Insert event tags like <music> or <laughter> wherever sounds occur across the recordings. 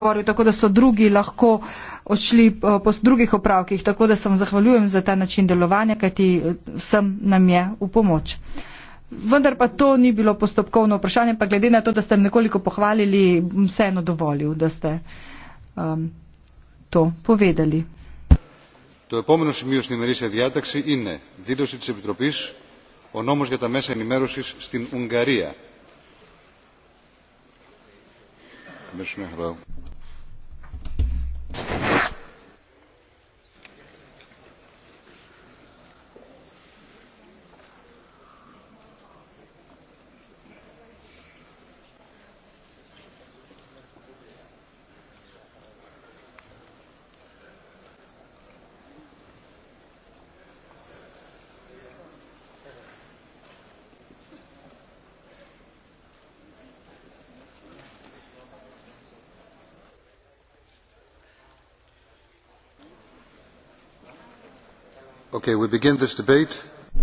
govoril, tako da so drugi lahko odšli eh, po drugih opravkih, tako da sem zahvaljujem za ta način delovanja, kajti eh, sem nam je v pomoč. Vendar pa to ni bilo postopkovno vprašanje, pa glede na to, da ste nekoliko pohvalili, vseeno dovolil, da ste um, to povedali. Το επόμενο σημείο στην ημερήσια διάταξη είναι δήλωση της Επιτροπής ο νόμος για τα μέσα ενημέρωσης στην Ουγγαρία. Ευχαριστώ.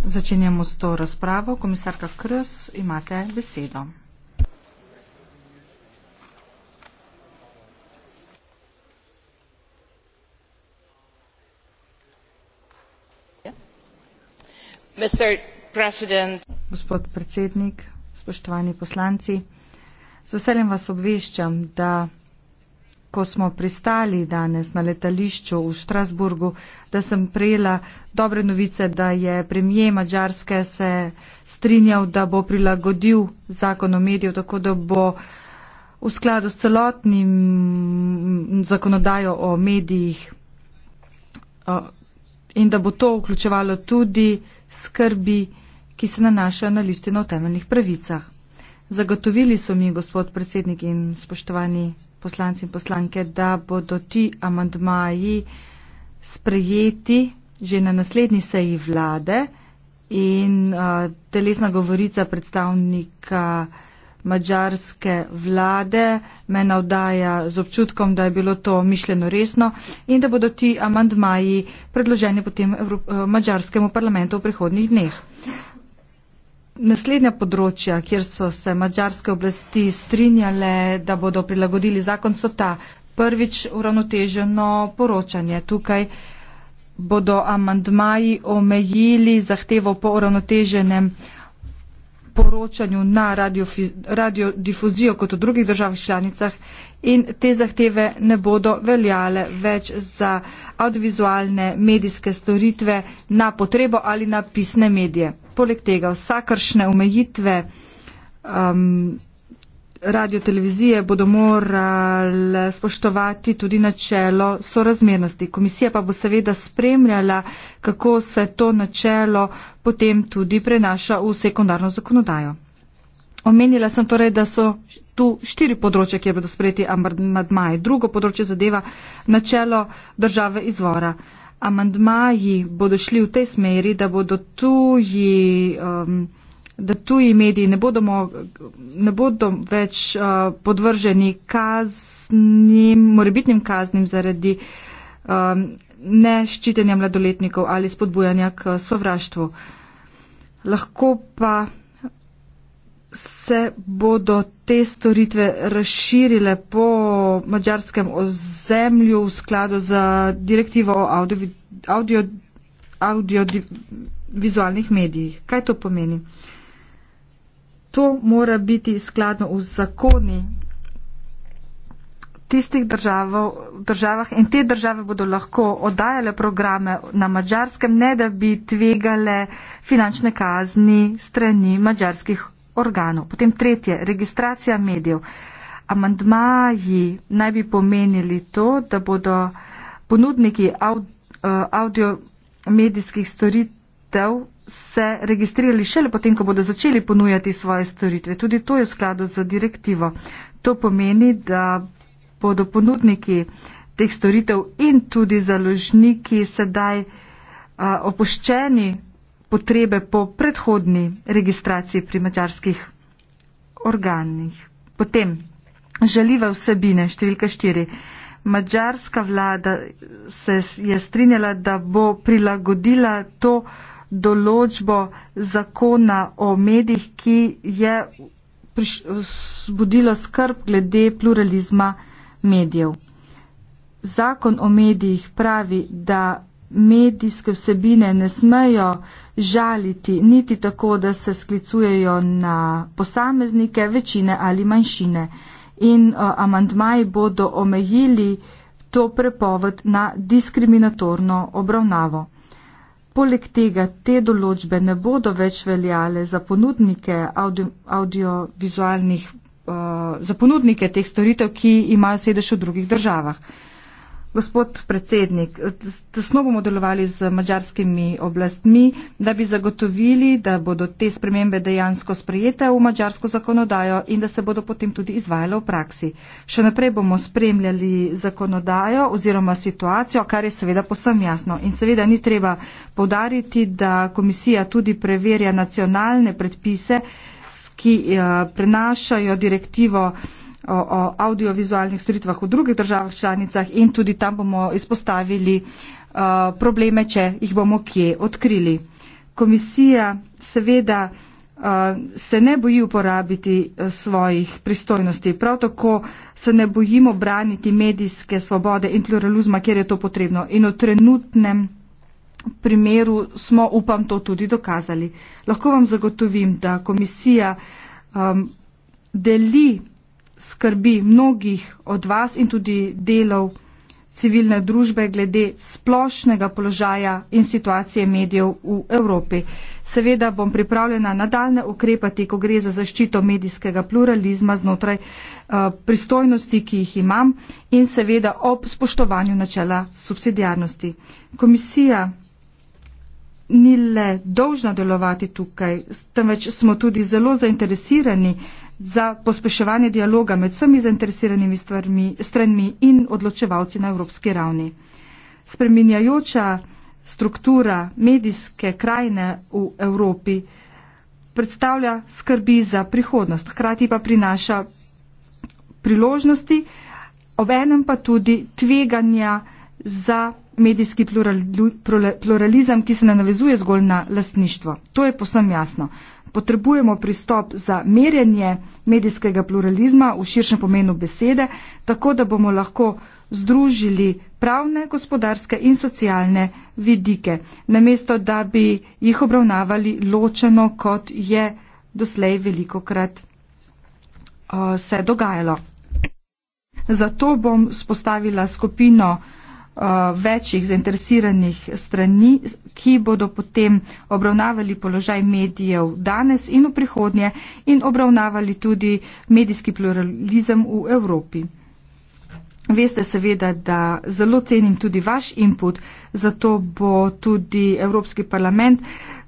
Začenjamo s to razpravo. Komisarka Kroes, imate besedo. Gospod predsednik, spoštovani poslanci, z veseljem vas obveščam, da ko smo pristali danes na letališču v Štrasburgu, da sem prejela dobre novice, da je premije Mačarske se strinjal, da bo prilagodil zakon o mediju, tako da bo v skladu s celotnim zakonodajo o medijih in da bo to vključevalo tudi skrbi, ki se nanašajo na listino o temeljnih pravicah. Zagotovili so mi, gospod predsednik in spoštovani poslanci in poslanke, da bodo ti amandmaji sprejeti že na naslednji seji vlade in uh, telesna govorica predstavnika mađarske vlade me navdaja z občutkom, da je bilo to mišljeno resno in da bodo ti amandmaji predloženi potem Evrop mađarskemu parlamentu v prihodnjih dneh. Naslednja področja, kjer so se mađarske oblasti strinjale, da bodo prilagodili zakon, so ta. Prvič uravnoteženo poročanje. Tukaj bodo amandmaji omejili zahtevo po uravnoteženem poročanju na radiodifuzijo radio kot v drugih državah članicah in te zahteve ne bodo veljale več za audiovizualne medijske storitve na potrebo ali na pisne medije poleg tega vsakršne omejitve um, radiotelevizije bodo morali spoštovati tudi načelo sorazmernosti. Komisija pa bo seveda spremljala, kako se to načelo potem tudi prenaša v sekundarno zakonodajo. Omenila sem torej, da so tu štiri področje, kjer bodo sprejeti amandmaji. Drugo področje zadeva načelo države izvora. Uh, amandmaji bodo šli v tej smeri, da bodo tuji, um, da tuji mediji ne bodo, ne bodo več uh, podvrženi kaznim, morebitnim kaznim zaradi um, neščitenja mladoletnikov ali spodbujanja k sovraštvu. Lahko pa se bodo te storitve razširile po mađarskem ozemlju v skladu z direktivo o audiovizualnih audio, audio, medijih. Kaj to pomeni? To mora biti skladno v zakoni tistih državov, državah in te države bodo lahko oddajale programe na mađarskem, ne da bi tvegale finančne kazni strani mađarskih organov. Potem tretje, registracija medijev. Amandmaji naj bi pomenili to, da bodo ponudniki audiomedijskih eh, storitev se registrirali šele potem, ko bodo začeli ponujati svoje storitve. Tudi to je v skladu z direktivo. To pomeni, da bodo ponudniki teh storitev in tudi založniki sedaj eh, opuščeni potrebe po predhodni registraciji pri mačarskih organih. Potem žaljive vsebine, številka štiri. Mačarska vlada se je strinjala, da bo prilagodila to določbo zakona o medijih, ki je zbudila skrb glede pluralizma medijev. Zakon o medijih pravi, da medijske vsebine ne smejo žaliti, niti tako, da se sklicujejo na posameznike večine ali manjšine. In uh, amantmaji bodo omejili to prepoved na diskriminatorno obravnavo. Poleg tega te določbe ne bodo več veljale za ponudnike avdiovizualnih, audio, uh, za ponudnike teh storitev, ki imajo sedež v drugih državah. Gospod predsednik, tesno bomo delovali z mačarskimi oblastmi, da bi zagotovili, da bodo te spremembe dejansko sprejete v mačarsko zakonodajo in da se bodo potem tudi izvajale v praksi. Še naprej bomo spremljali zakonodajo oziroma situacijo, kar je seveda posem jasno. In seveda ni treba podariti, da komisija tudi preverja nacionalne predpise, ki eh, prenašajo direktivo o, o audiovizualnih storitvah v drugih državah članicah in tudi tam bomo izpostavili o, uh, probleme, če jih bomo kje odkrili. Komisija seveda o, uh, se ne boji uporabiti uh, svojih pristojnosti, prav tako se ne bojimo braniti medijske svobode in pluralizma, kjer je to potrebno. In v trenutnem primeru smo, upam, to tudi dokazali. Lahko vam zagotovim, da komisija um, deli skrbi mnogih od vas in tudi delov civilne družbe glede splošnega položaja in situacije medijev v Evropi. Seveda bom pripravljena nadaljne ukrepati, ko gre za zaščito medijskega pluralizma znotraj eh, pristojnosti, ki jih imam in seveda ob spoštovanju načela subsidijarnosti. Komisija ni le dolžna delovati tukaj, temveč smo tudi zelo zainteresirani za pospeševanje dialoga med vsemi zainteresiranimi stvarmi, stranmi in odločevalci na evropski ravni. Spreminjajoča struktura medijske krajine v Evropi predstavlja skrbi za prihodnost, hkrati pa prinaša priložnosti, obenem pa tudi tveganja za medijski pluralizem, ki se ne navezuje zgolj na lastništvo. To je posem jasno potrebujemo pristop za merjenje medijskega pluralizma v širšem pomenu besede, tako da bomo lahko združili pravne, gospodarske in socialne vidike, namesto da bi jih obravnavali ločeno, kot je doslej veliko krat uh, eh, se dogajalo. Zato bom spostavila skupino uh, Eh, večjih zainteresiranih strani, ki bodo potem obravnavali položaj medijev danes in v prihodnje in obravnavali tudi medijski pluralizem v Evropi. Veste seveda, da zelo cenim tudi vaš input, zato bo tudi Evropski parlament.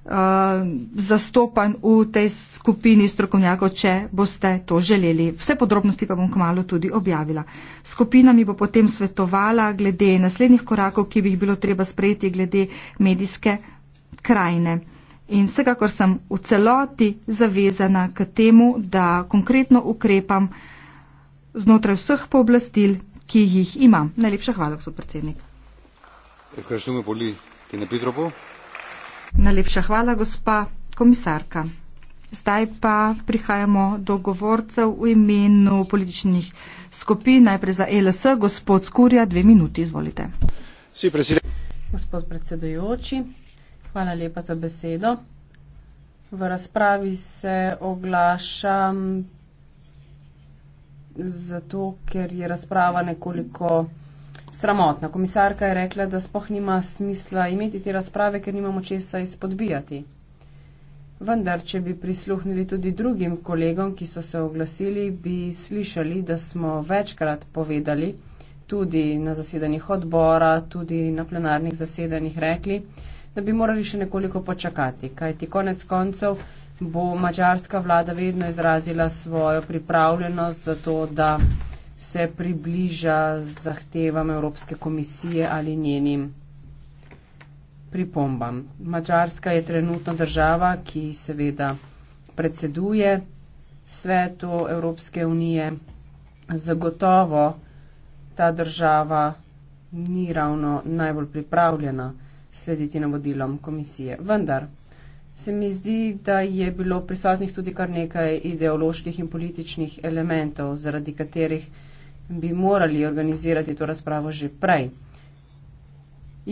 Eh, zastopan v tej skupini strokovnjakov, če boste to želeli. Vse podrobnosti pa bom kmalo tudi objavila. Skupina mi bo potem svetovala glede naslednjih korakov, ki bi jih bilo treba sprejeti glede medijske krajine. In vsekakor sem v celoti zavezana k temu, da konkretno ukrepam znotraj vseh pooblastil, ki jih imam. Najlepša hvala, gospod predsednik. Hvala, gospod predsednik. Najlepša hvala, gospa komisarka. Zdaj pa prihajamo do govorcev v imenu političnih skupin. Najprej za e LS, gospod Skurja, dve minuti, izvolite. Si predsedujoči. Gospod predsedujoči, hvala lepa za besedo. V razpravi se oglašam zato, ker je razprava nekoliko sramotna. Komisarka je rekla, da spoh nima smisla imeti te razprave, ker nimamo česa izpodbijati. Vendar, če bi prisluhnili tudi drugim kolegom, ki so se oglasili, bi slišali, da smo večkrat povedali, tudi na zasedanjih odbora, tudi na plenarnih zasedanjih rekli, da bi morali še nekoliko počakati, kajti konec koncev bo mačarska vlada vedno izrazila svojo pripravljenost za to, da se približa zahtevam Evropske komisije ali njenim pripombam. Mačarska je trenutno država, ki seveda predseduje svetu Evropske unije. Zagotovo ta država ni ravno najbolj pripravljena slediti navodilom komisije. Vendar se mi zdi, da je bilo prisotnih tudi kar nekaj ideoloških in političnih elementov, zaradi katerih bi morali organizirati to razpravo že prej.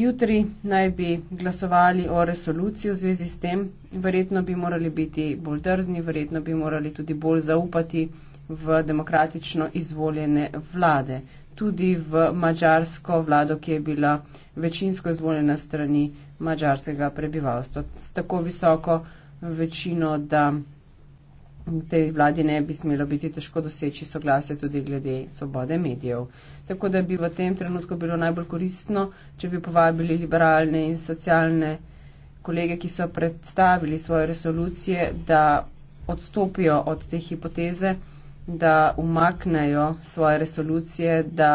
Jutri naj bi glasovali o resoluciji v zvezi s tem, verjetno bi morali biti bolj drzni, verjetno bi morali tudi bolj zaupati v demokratično izvoljene vlade, tudi v mačarsko vlado, ki je bila večinsko izvoljena strani mačarskega prebivalstva. S tako visoko večino, da tej vladi ne bi smelo biti težko doseči soglasje tudi glede svobode medijev. Tako da bi v tem trenutku bilo najbolj koristno, če bi povabili liberalne in socialne kolege, ki so predstavili svoje resolucije, da odstopijo od te hipoteze, da umaknejo svoje resolucije, da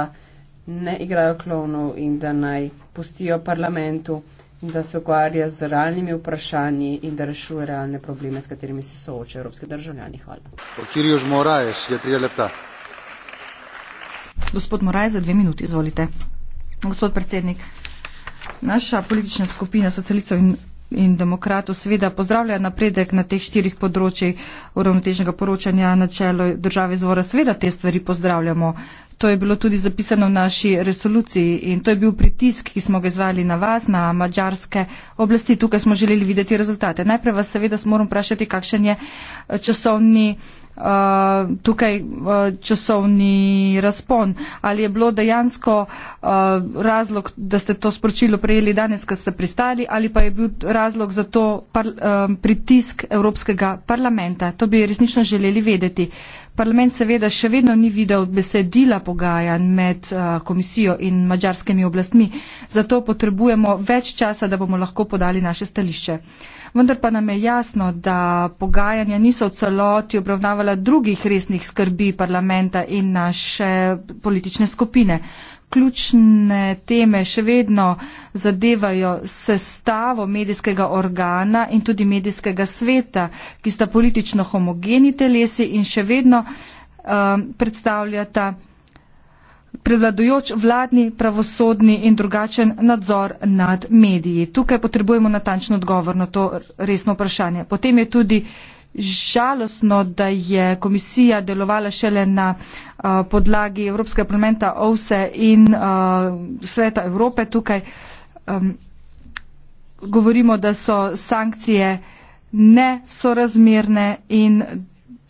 ne igrajo klonov in da naj pustijo parlamentu da se ukvarja z realnimi vprašanji in da rešuje realne probleme, s katerimi se sooča evropski državljani. Hvala. Gospod Moraj, za dve minuti, izvolite. Gospod predsednik, naša politična skupina socialistov in, in demokratov seveda pozdravlja napredek na teh štirih področjih uravnotežnega poročanja na čelo države izvora. Seveda te stvari pozdravljamo, to je bilo tudi zapisano v naši resoluciji in to je bil pritisk, ki smo ga izvali na vas, na mađarske oblasti. Tukaj smo želeli videti rezultate. Najprej vas seveda moram vprašati, kakšen je eh, časovni. Uh, tukaj uh, časovni razpon. Ali je bilo dejansko uh, razlog, da ste to sporočilo prejeli danes, ko ste pristali, ali pa je bil razlog za to par, uh, pritisk Evropskega parlamenta? To bi resnično želeli vedeti. Parlament seveda še vedno ni videl besedila pogajanj med eh, komisijo in mađarskimi oblastmi, zato potrebujemo več časa, da bomo lahko podali naše stališče. Vendar pa nam je jasno, da pogajanja niso v celoti obravnavala drugih resnih skrbi parlamenta in naše politične skupine ključne teme še vedno zadevajo sestavo medijskega organa in tudi medijskega sveta, ki sta politično homogeni telesi in še vedno um, predstavljata prevladojoč vladni, pravosodni in drugačen nadzor nad mediji. Tukaj potrebujemo natančen odgovor na to resno vprašanje. Potem je tudi žalostno, da je komisija delovala šele na eh, podlagi Evropskega parlamenta OVSE in uh, Sveta Evrope. Tukaj um, govorimo, da so sankcije nesorazmerne in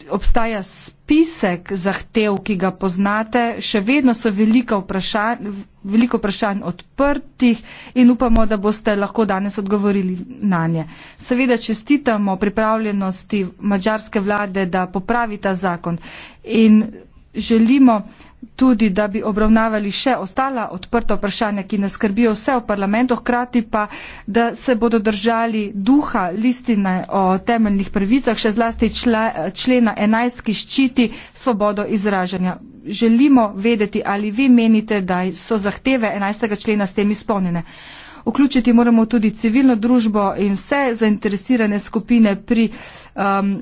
obstaja spisek zahtev, ki ga poznate, še vedno so veliko vprašanj, veliko vprašanj odprtih in upamo, da boste lahko danes odgovorili na nje. Seveda čestitamo pripravljenosti mađarske vlade, da popravi ta zakon in želimo, tudi, da bi obravnavali še ostala odprta vprašanja, ki nas skrbijo vse v parlamentu, hkrati pa, da se bodo držali duha listine o temeljnih pravicah, še zlasti čle, člena 11, ki ščiti svobodo izražanja. Želimo vedeti, ali vi menite, da so zahteve 11. člena s tem izpolnjene. Vključiti moramo tudi civilno družbo in vse zainteresirane skupine pri. Um,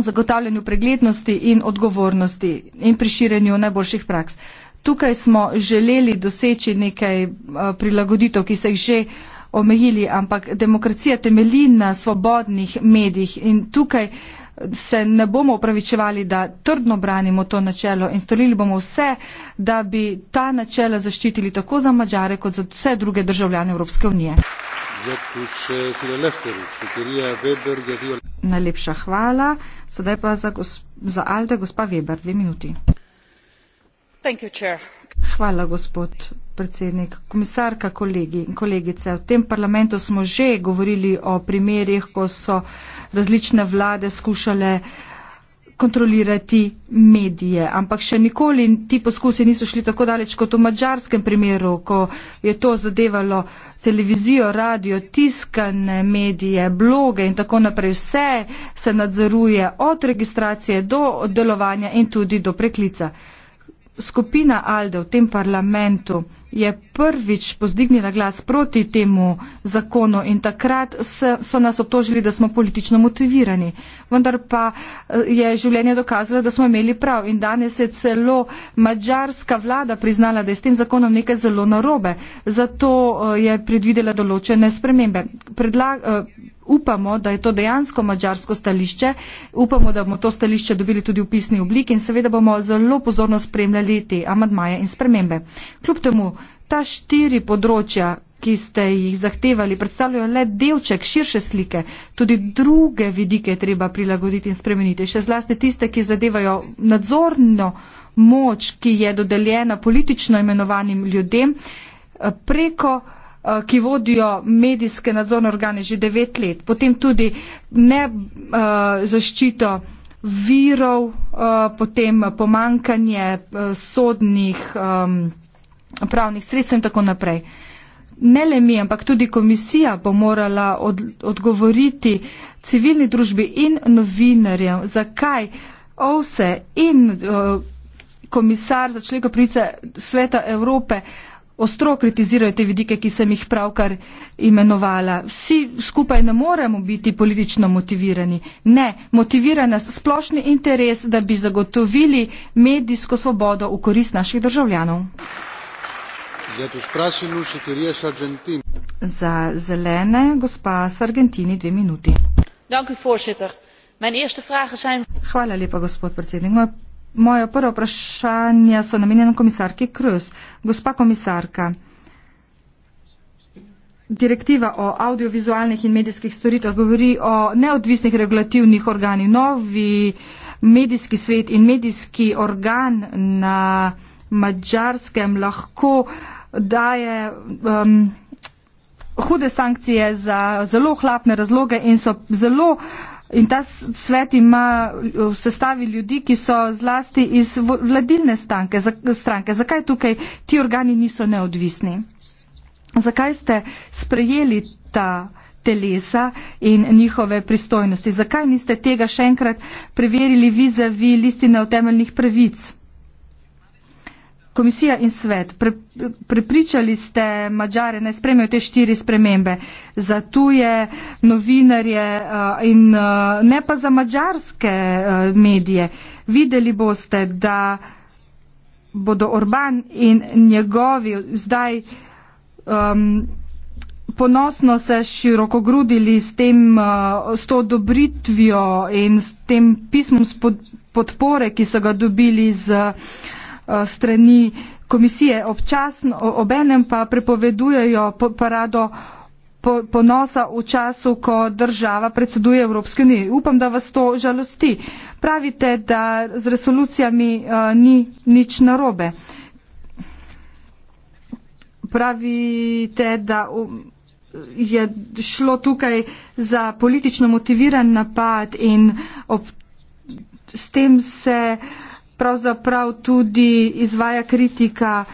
zagotavljanju preglednosti in odgovornosti in pri širjenju najboljših praks. Tukaj smo želeli doseči nekaj eh, prilagoditev, ki se jih že omejili, ampak demokracija temelji na svobodnih medijih in tukaj se ne bomo upravičevali, da trdno branimo to načelo in storili bomo vse, da bi ta načela zaščitili tako za Mačare kot za vse druge državljane Evropske unije. Najlepša hvala. Sedaj pa za, za Alde, gospa Weber, dve minuti. You, hvala, gospod predsednik, komisarka, kolegi in kolegice. V tem parlamentu smo že govorili o primerjih, ko so različne vlade skušale kontrolirati medije. Ampak še nikoli ti poskusi niso šli tako daleč kot v mađarskem primeru, ko je to zadevalo televizijo, radio, tiskane medije, bloge in tako naprej. Vse se nadzoruje od registracije do delovanja in tudi do preklica. Skupina Alde v tem parlamentu je prvič pozdignila glas proti temu zakonu in takrat so nas obtožili, da smo politično motivirani. Vendar pa eh, je življenje dokazalo, da smo imeli prav in danes je celo mačarska vlada priznala, da je s tem zakonom nekaj zelo narobe. Zato eh, je predvidela določene spremembe. Predla eh, upamo, da je to dejansko mađarsko stališče, upamo, da bomo to stališče dobili tudi v pisni obliki in seveda bomo zelo pozorno spremljali te amadmaje in spremembe. Kljub temu, ta štiri področja, ki ste jih zahtevali, predstavljajo le delček širše slike, tudi druge vidike treba prilagoditi in spremeniti, še zlasti tiste, ki zadevajo nadzorno moč, ki je dodeljena politično imenovanim ljudem eh, preko Eh, ki vodijo medijske nadzorne organe že devet let, potem tudi ne eh, zaščito virov, eh, potem pomankanje sodnih pravnih sredstev in tako naprej. Ne le mi, ampak tudi komisija bo morala od, odgovoriti civilni družbi in novinarjem, zakaj OVSE in uh, komisar za človekove pravice sveta Evrope uh, ostro kritizirajo te vidike, ki sem jih pravkar imenovala. Vsi skupaj ne moremo biti politično motivirani. Ne, motivira nas splošni interes, da bi zagotovili medijsko svobodo v korist naših državljanov. Za zelene, gospa Sargentini, dve minuti. Hvala lepa, gospod predsednik. Moja Moje prvo vprašanje so namenjeno komisarki Krus. Gospa komisarka, direktiva o audiovizualnih in medijskih storitvah govori o neodvisnih regulativnih organih. Novi medijski svet in medijski organ na mačarskem lahko daje um, hude sankcije za zelo hlapne razloge in so zelo In ta svet ima v sestavi ljudi, ki so zlasti iz vladilne stanke, stranke. Zakaj tukaj ti organi niso neodvisni? Zakaj ste sprejeli ta telesa in njihove pristojnosti? Zakaj niste tega še enkrat preverili vizavi listine o temeljnih pravicah? komisija in svet, pre, prepričali ste mađare, naj spremijo te štiri spremembe za tuje novinarje eh, in eh, ne pa za mađarske eh, medije. Videli boste, da bodo Orban in njegovi zdaj um, ponosno se široko grudili s, tem, uh, s to odobritvijo in s tem pismom spod, podpore, ki so ga dobili z uh, Eh, strani komisije občasno, obenem pa prepovedujejo parado ponosa v času, ko država predseduje Evropske unije. Upam, da vas to žalosti. Pravite, da z resolucijami eh, ni nič narobe. Pravite, da je šlo tukaj za politično motiviran napad in s tem se uh, pravzaprav tudi izvaja kritika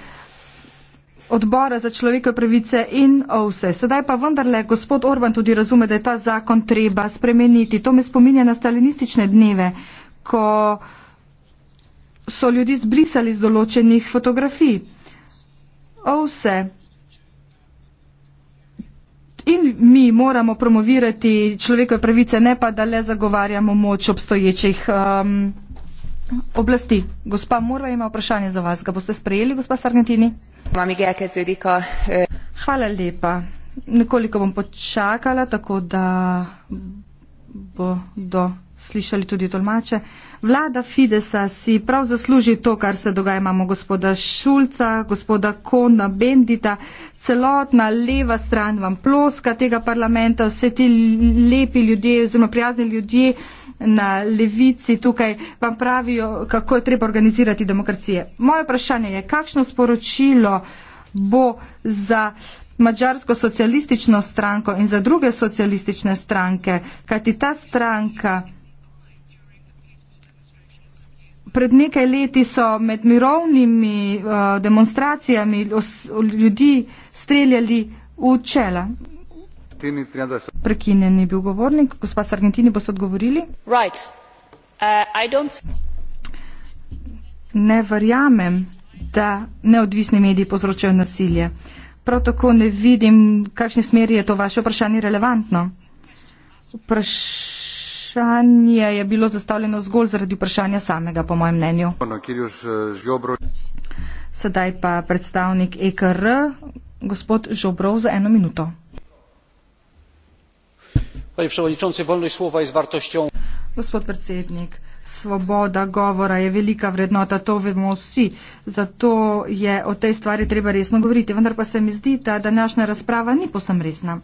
odbora za človekove pravice in vse. Sedaj pa vendarle gospod Orban tudi razume, da je ta zakon treba spremeniti. To me spominja na stalinistične dneve, ko so ljudi zbrisali z določenih fotografij. Vse. In mi moramo promovirati človekove pravice, ne pa da le zagovarjamo moč obstoječih. Um, Oblasti, gospa Murva ima vprašanje za vas. Ga boste sprejeli, gospa Sargentini? Imam igre, kaj se vidi, ko... Eh, Hvala lepa. Nekoliko bom počakala, tako da bodo slišali tudi tolmače. Vlada Fidesa si prav zasluži to, kar se dogaja. Imamo gospoda Šulca, gospoda Kona Bendita, celotna leva stran vam ploska tega parlamenta, vse ti lepi ljudje, oziroma prijazni ljudje na levici tukaj vam pravijo, kako je treba organizirati demokracije. Moje vprašanje je, kakšno sporočilo bo za mađarsko socialistično stranko in za druge socialistične stranke, kajti ta stranka pred nekaj leti so med mirovnimi uh, demonstracijami ljudi streljali v čela. Prekinjen je bil govornik. Gospa Sargentini, boste odgovorili? Right. Uh, ne verjamem, da neodvisni mediji povzročajo nasilje. Prav tako ne vidim, v kakšni smeri je to vaše vprašanje relevantno. Vprašanje je bilo zastavljeno zgolj zaradi vprašanja samega, po mojem mnenju. Eh, Sedaj pa predstavnik EKR, gospod Žobrov, za eno minuto. Panie przewodniczący, wolność słowa jest wartością. Gospod predsednik, svoboda govora je velika vrednota, to vemo vsi, zato je o tej stvari treba resno govoriti, vendar pa se mi zdi, da današnja razprava ni posem resna.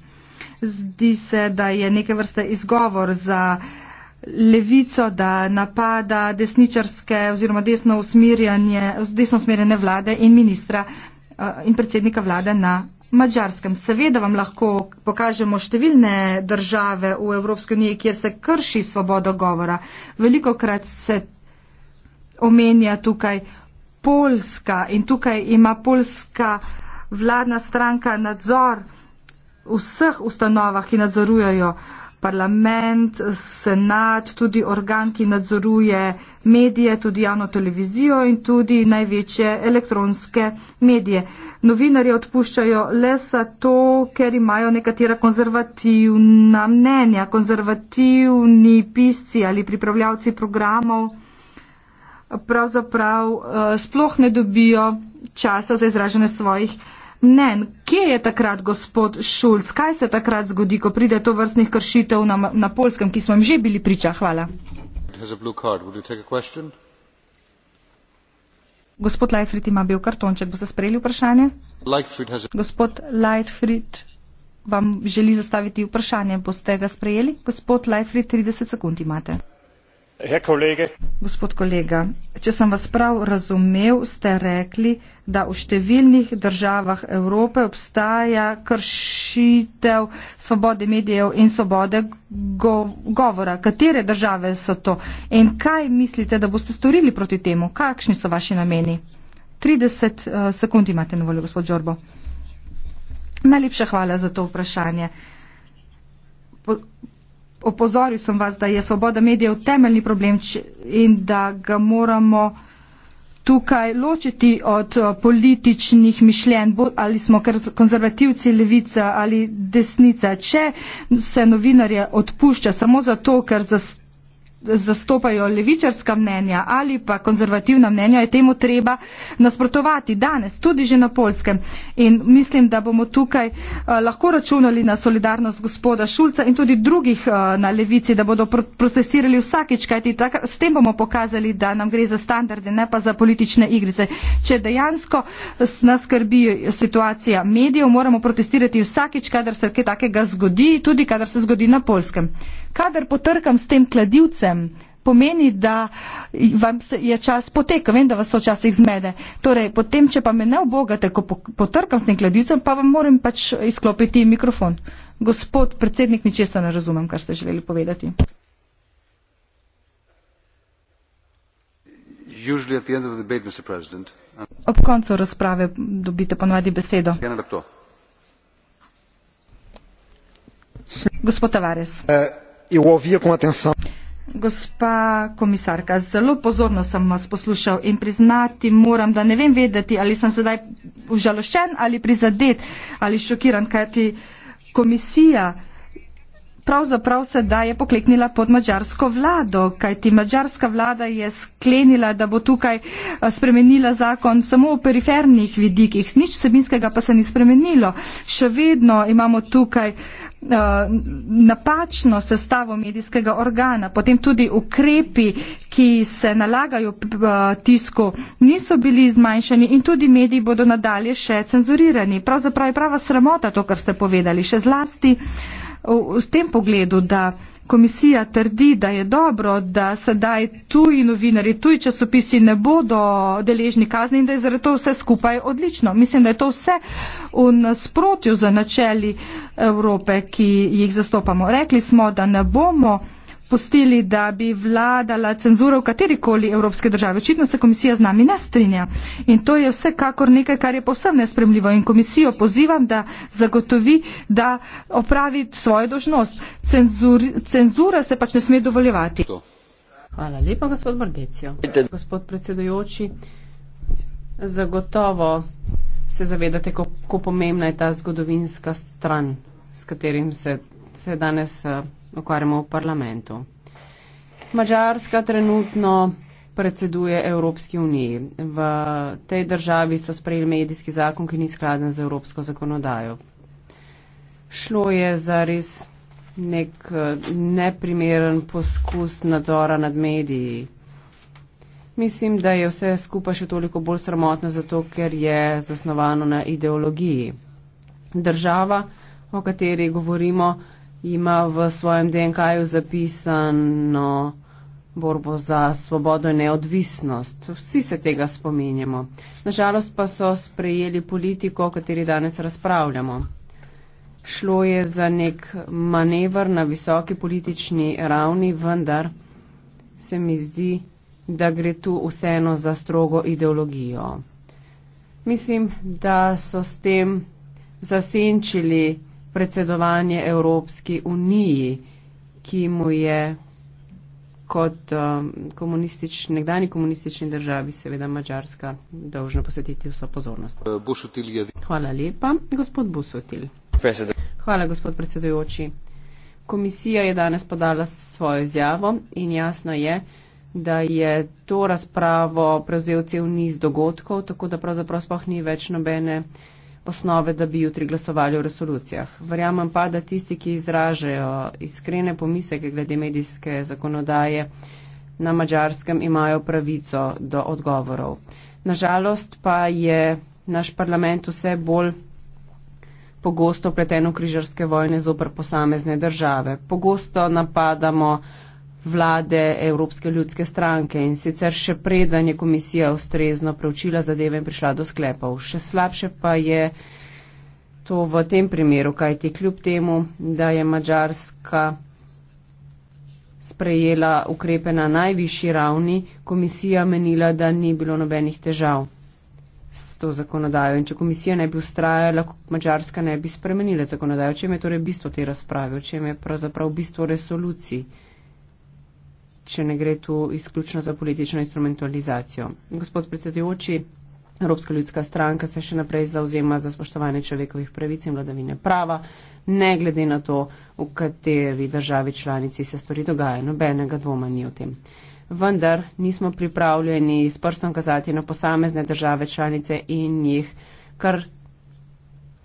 Zdi se, da je neke vrste izgovor za levico, da napada desničarske oziroma desno usmerjene vlade in ministra eh, in predsednika vlade na Mačarskem. Seveda vam lahko pokažemo številne države v Evropski uniji, kjer se krši svoboda govora. Veliko krat se omenja tukaj Poljska in tukaj ima Poljska vladna stranka nadzor v vseh ustanovah, ki nadzorujajo uh, parlament, senat, tudi organ, ki nadzoruje medije, tudi javno televizijo in tudi največje elektronske medije. Novinarje odpuščajo le zato, ker imajo nekatera konzervativna mnenja, konzervativni pisci ali pripravljavci programov pravzaprav eh, sploh ne dobijo časa za izražanje svojih mnen. Kje je takrat gospod Šulc? Kaj se takrat zgodi, ko pride to vrstnih kršitev na, na polskem, ki smo jim že bili priča? Hvala. Gospod Leifrit ima bil kartonček. Boste sprejeli vprašanje? Leifrit a... Gospod Leifrit vam želi zastaviti vprašanje. Boste ga sprejeli? Gospod Leifrit, 30 sekund imate. Gospod kolega, če sem vas prav razumev, ste rekli, da v številnih državah Evrope obstaja kršitev svobode medijev in svobode go govora. Katere države so to? In kaj mislite, da boste storili proti temu? Kakšni so vaši nameni? 30 uh, eh, sekund imate na voljo, gospod Džorbo. Najlepša hvala za to vprašanje. Po Opozoril sem vas, da je svoboda medijev temeljni problem in da ga moramo tukaj ločiti od eh, političnih mišljenj, ali smo konzervativci, levica ali desnica. Če se novinarje odpušča samo zato, ker zastavlja zastopajo levičarska mnenja ali pa konzervativna mnenja, je temu treba nasprotovati danes, tudi že na polskem. In mislim, da bomo tukaj eh, lahko računali na solidarnost gospoda Šulca in tudi drugih eh, na levici, da bodo protestirali vsakič, kajti tak, s tem bomo pokazali, da nam gre za standarde, ne pa za politične igrice. Če dejansko nas skrbi situacija medijev, moramo protestirati vsakič, kadar se kaj takega zgodi, tudi kadar se zgodi na polskem. Kadar potrkam s tem kladivce, sem, pomeni, da vam je čas potekel, vem, da vas to včasih zmede. Torej, potem, če pa me ne obogate, ko potrkam s tem kladivcem, pa vam moram pač izklopiti mikrofon. Gospod predsednik, ničesto ne razumem, kar ste želeli povedati. Ob koncu razprave dobite ponovadi besedo. Gospod Tavares. Uh, Gospa komisarka, zelo pozorno sem vas poslušal in priznati moram, da ne vem vedeti, ali sem sedaj užaloščen ali prizadet ali šokiran, kajti komisija pravzaprav sedaj je pokleknila pod mađarsko vlado, kajti mađarska vlada je sklenila, da bo tukaj eh, spremenila zakon samo v perifernih vidikih, nič sebinskega pa se ni spremenilo. Še vedno imamo tukaj eh, napačno sestavo medijskega organa, potem tudi ukrepi, ki se nalagajo eh, tisku, niso bili zmanjšani in tudi mediji bodo nadalje še cenzurirani. Pravzaprav je prava sramota to, kar ste povedali, še zlasti v, v tem pogledu, da komisija trdi, da je dobro, da sedaj tuji novinari, tuji časopisi ne bodo deležni kazni in da je zaradi to vse skupaj odlično. Mislim, da je to vse v nasprotju za načeli Evrope, ki jih zastopamo. Rekli smo, da ne bomo pustili, da bi vladala cenzura v katerikoli evropske države. Očitno se komisija z nami ne strinja. In to je vsekakor nekaj, kar je povsem nespremljivo. In komisijo pozivam, da zagotovi, da opravi svojo dožnost. Cenzur, cenzura se pač ne sme dovoljevati. Hvala lepa, gospod Barbecijo. Gospod predsedujoči, zagotovo se zavedate, kako pomembna je ta zgodovinska stran, s katerim se, se danes. Uh, ukvarjamo v parlamentu. Mačarska trenutno predseduje Evropski uniji. V tej državi so sprejeli medijski zakon, ki ni skladen z evropsko zakonodajo. Šlo je za res nek eh, neprimeren poskus nadzora nad mediji. Mislim, da je vse skupaj še toliko bolj sramotno, zato ker je zasnovano na ideologiji. Država, o kateri govorimo, ima v svojem DNK-ju zapisano borbo za svobodo in neodvisnost. Vsi se tega spominjamo. Nažalost pa so sprejeli politiko, o kateri danes razpravljamo. Šlo je za nek manevr na visoki politični ravni, vendar se mi zdi, da gre tu vseeno za strogo ideologijo. Mislim, da so s tem zasenčili predsedovanje Evropski uniji, ki mu je kot um, komunistič, nekdani komunistični državi, seveda Mačarska, dolžna posvetiti vso pozornost. Hvala lepa, gospod Busotil. Hvala, gospod predsedujoči. Komisija je danes podala svojo izjavo in jasno je, da je to razpravo prevzel cel niz dogodkov, tako da pravzaprav spoh ni več nobene osnove, da bi jutri glasovali o resolucijah. Verjamem pa, da tisti, ki izražajo iskrene pomisleke glede medijske zakonodaje na mačarskem, imajo pravico do odgovorov. Nažalost pa je naš parlament vse bolj pogosto pleten v križarske vojne zoper posamezne države. Pogosto napadamo vlade Evropske ljudske stranke in sicer še preden je komisija ustrezno preučila zadeve in prišla do sklepov. Še slabše pa je to v tem primeru, kajti kljub temu, da je Mačarska sprejela ukrepe na najvišji ravni, komisija menila, da ni bilo nobenih težav s to zakonodajo. In če komisija ne bi ustrajala, Mačarska ne bi spremenila zakonodajo. Čem je torej bistvo te razprave? Čem je pravzaprav bistvo resoluciji? če ne gre tu izključno za politično instrumentalizacijo. Gospod predsedujoči, Evropska ljudska stranka se še naprej zauzema za spoštovanje človekovih pravic in vladavine prava, ne glede na to, v kateri državi članici se stvari dogajajo. Nobenega dvoma ni o tem. Vendar nismo pripravljeni s prstom kazati na posamezne države članice in jih kar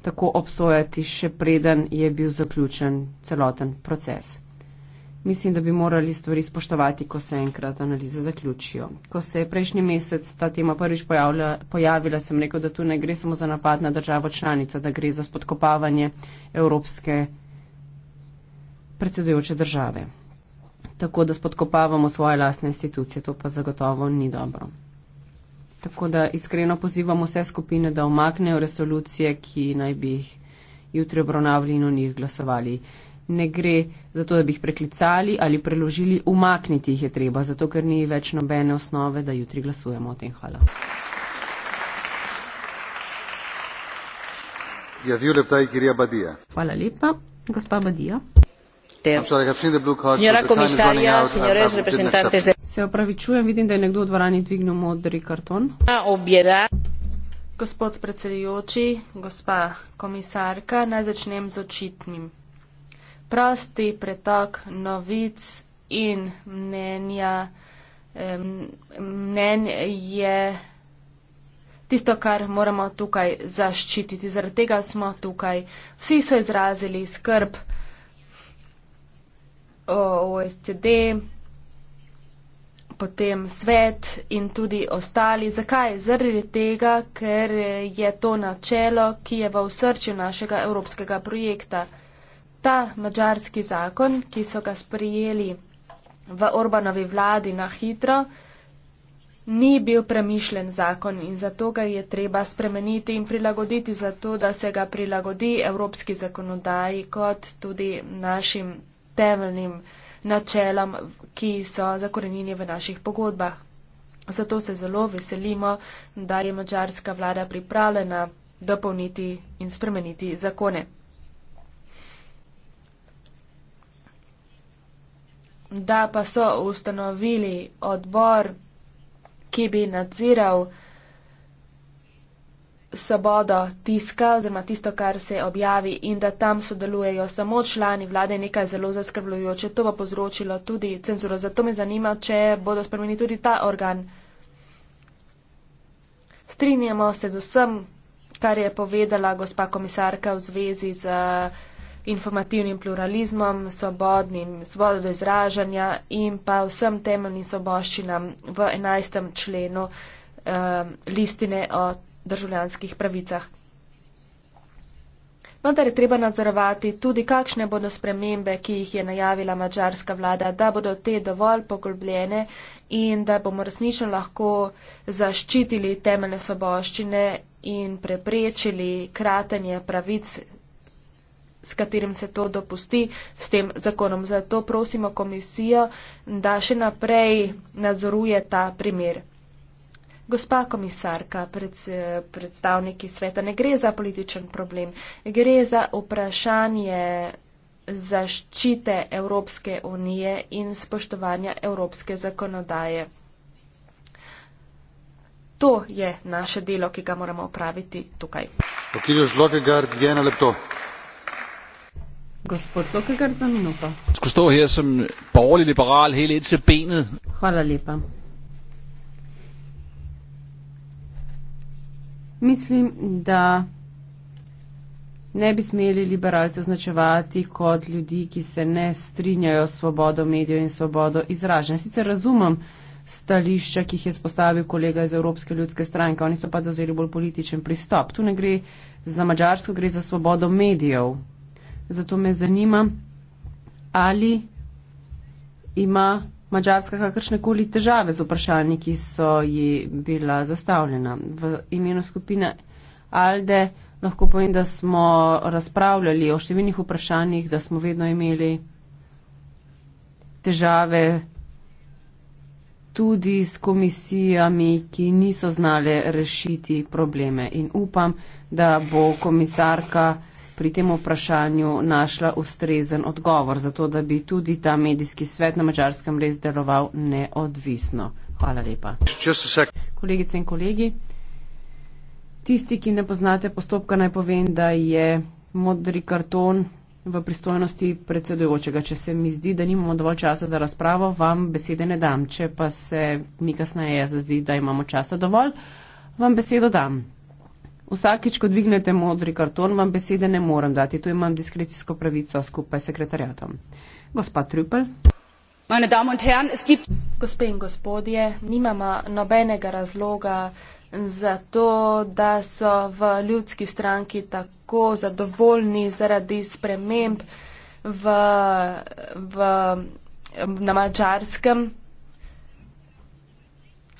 tako obsojati, še preden je bil zaključen celoten proces mislim, da bi morali stvari spoštovati, ko se enkrat analize zaključijo. Ko se je prejšnji mesec ta tema prvič pojavila, pojavila, sem rekel, da tu ne gre samo za napad na državo članico, da gre za spodkopavanje evropske predsedujoče države. Tako da spodkopavamo svoje lastne institucije, to pa zagotovo ni dobro. Tako da iskreno pozivamo vse skupine, da omaknejo resolucije, ki naj bi jih jutri obravnavali in o njih glasovali ne gre za to, da bi jih preklicali ali preložili, umakniti jih je treba, zato ker ni več nobene osnove, da jutri glasujemo o tem. Hvala. Ja, Hvala lepa, gospa Badija. Se opravičujem, vidim, da je nekdo v dvorani dvignil modri karton. Gospod predsedujoči, gospa komisarka, naj začnem z očitnim prosti pretok novic in mnenja. Mnen je tisto, kar moramo tukaj zaščititi. Zaradi tega smo tukaj. Vsi so izrazili skrb o OECD, potem svet in tudi ostali. Zakaj? Zaradi tega, ker je to načelo, ki je v srčju našega evropskega projekta ta mačarski zakon, ki so ga sprijeli v Orbanovi vladi na hitro, ni bil premišljen zakon in zato ga je treba spremeniti in prilagoditi zato, da se ga prilagodi evropski zakonodaji kot tudi našim temeljnim načelom, ki so zakorenjeni v naših pogodbah. Zato se zelo veselimo, da je mačarska vlada pripravljena dopolniti in spremeniti zakone. da pa so ustanovili odbor, ki bi nadziral svobodo tiska oziroma tisto, kar se objavi in da tam sodelujejo samo člani vlade, nekaj zelo zaskrbljujoče. To bo povzročilo tudi cenzuro. Zato me zanima, če bodo spremenili tudi ta organ. Strinjamo se z vsem, kar je povedala gospa komisarka v zvezi z uh, informativnim pluralizmom, svobodnim, svobodo izražanja in pa vsem temeljnim soboščinam v 11. členu um, listine o državljanskih pravicah. Vendar je treba nadzorovati tudi, kakšne bodo spremembe, ki jih je najavila mačarska vlada, da bodo te dovolj poglobljene in da bomo resnično lahko zaščitili temeljne soboščine in preprečili kratenje pravic s katerim se to dopusti s tem zakonom. Zato prosimo komisijo, da še naprej nadzoruje ta primer. Gospa komisarka, predstavniki sveta, ne gre za političen problem, gre za vprašanje zaščite Evropske unije in spoštovanja evropske zakonodaje. To je naše delo, ki ga moramo opraviti tukaj. Okay, Gospod Lukegar za minuto. Skulle stå her som borgerlig liberal helt ind til benet. Hvala lepa. Mislim, da ne bi smeli liberalci označevati kot ljudi, ki se ne strinjajo s svobodo medijev in svobodo izražanja. Sicer razumem stališča, ki jih je spostavil kolega iz Evropske ljudske stranke, oni so pa zauzeli bolj političen pristop. Tu ne gre za Mačarsko, gre za svobodo medijev. Zato me zanima, ali ima Mačarska kakršne koli težave z vprašanji, ki so ji bila zastavljena. V imenu skupine Alde lahko povem, da smo razpravljali o številnih vprašanjih, da smo vedno imeli težave tudi s komisijami, ki niso znale rešiti probleme. In upam, da bo komisarka pri tem vprašanju našla ustrezen odgovor, zato da bi tudi ta medijski svet na mačarskem res deloval neodvisno. Hvala lepa. Kolegice in kolegi, tisti, ki ne poznate postopka, naj povem, da je modri karton v pristojnosti predsedujočega. Če se mi zdi, da nimamo dovolj časa za razpravo, vam besede ne dam. Če pa se mi kasneje zazdi, da imamo časa dovolj, vam besedo dam. Vsakič, ko dvignete modri karton, vam besede ne morem dati. Tu imam diskrecijsko pravico skupaj s sekretarjatom. Gospa Trupel. Gospe in gospodje, nimamo nobenega razloga za to, da so v ljudski stranki tako zadovoljni zaradi sprememb v, v, na mačarskem.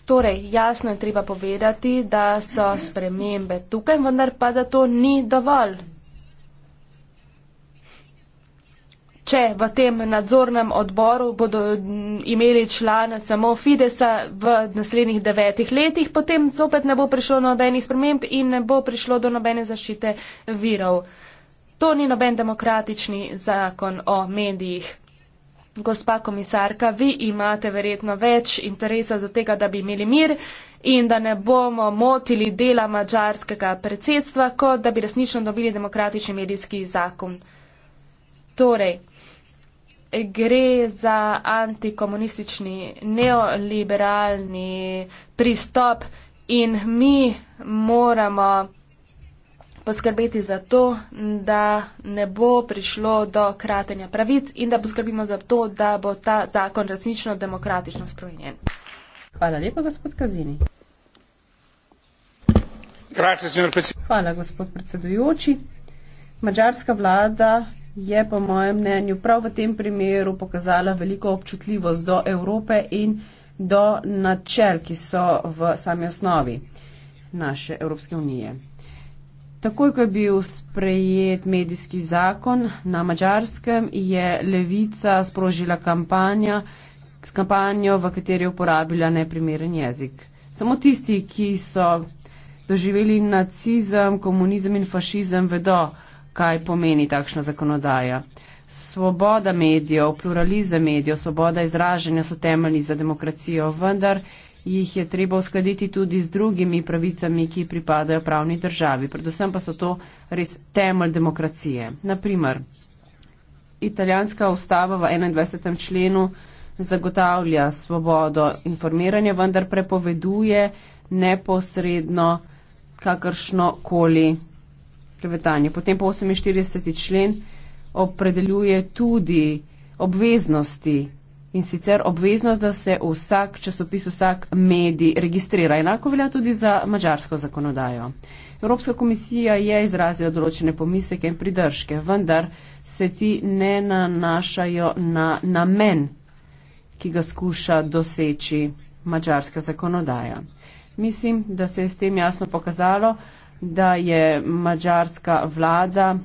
Torej, jasno je treba povedati, da so spremembe tukaj, vendar pa, da to ni dovolj. Če v tem nadzornem odboru bodo imeli člane samo Fidesa v naslednjih devetih letih, potem zopet ne bo prišlo nobenih sprememb in ne bo prišlo do nobene zaščite virov. To ni noben demokratični zakon o medijih. Gospa komisarka, vi imate verjetno več interesa za tega, da bi imeli mir in da ne bomo motili dela mađarskega predsedstva, kot da bi resnično dobili demokratični medijski zakon. Torej, gre za antikomunistični, neoliberalni pristop in mi moramo poskrbeti za to, da ne bo prišlo do kratenja pravic in da poskrbimo za to, da bo ta zakon resnično demokratično spremenjen. Hvala lepa, gospod Kazini. Hvala, gospod predsedujoči. Mačarska vlada je, po mojem mnenju, prav v tem primeru pokazala veliko občutljivost do Evrope in do načel, ki so v sami osnovi naše Evropske unije. Takoj, ko je bil sprejet medijski zakon na mačarskem, je levica sprožila kampanjo, kampanjo, v kateri je uporabila neprimeren jezik. Samo tisti, ki so doživeli nacizem, komunizem in fašizem, vedo, kaj pomeni takšna zakonodaja. Svoboda medijev, pluralizem medijev, svoboda izražanja so temeljni za demokracijo, vendar jih je treba uskladiti tudi z drugimi pravicami, ki pripadajo pravni državi. Predvsem pa so to res temelj demokracije. Naprimer, italijanska ustava v 21. členu zagotavlja svobodo informiranja, vendar prepoveduje neposredno kakršno koli klevetanje. Potem pa 48. člen opredeljuje tudi obveznosti in sicer obveznost, da se vsak časopis, vsak medij registrira. Enako velja tudi za mačarsko zakonodajo. Evropska komisija je izrazila določene pomisleke in pridržke, vendar se ti ne nanašajo na namen, ki ga skuša doseči mačarska zakonodaja. Mislim, da se je s tem jasno pokazalo, da je mačarska vlada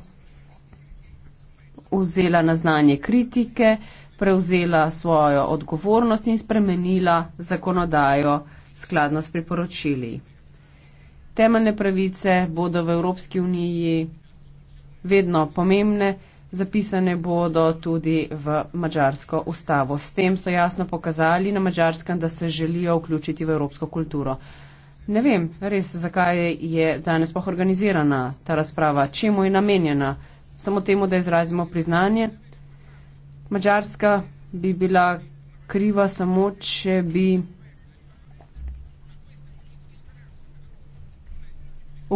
vzela na znanje kritike, prevzela svojo odgovornost in spremenila zakonodajo skladno s priporočili. Temeljne pravice bodo v Evropski uniji vedno pomembne, zapisane bodo tudi v mačarsko ustavo. S tem so jasno pokazali na mačarskem, da se želijo vključiti v evropsko kulturo. Ne vem res, zakaj je danes pa organizirana ta razprava, čemu je namenjena. Samo temu, da izrazimo priznanje Mačarska bi bila kriva samo, če bi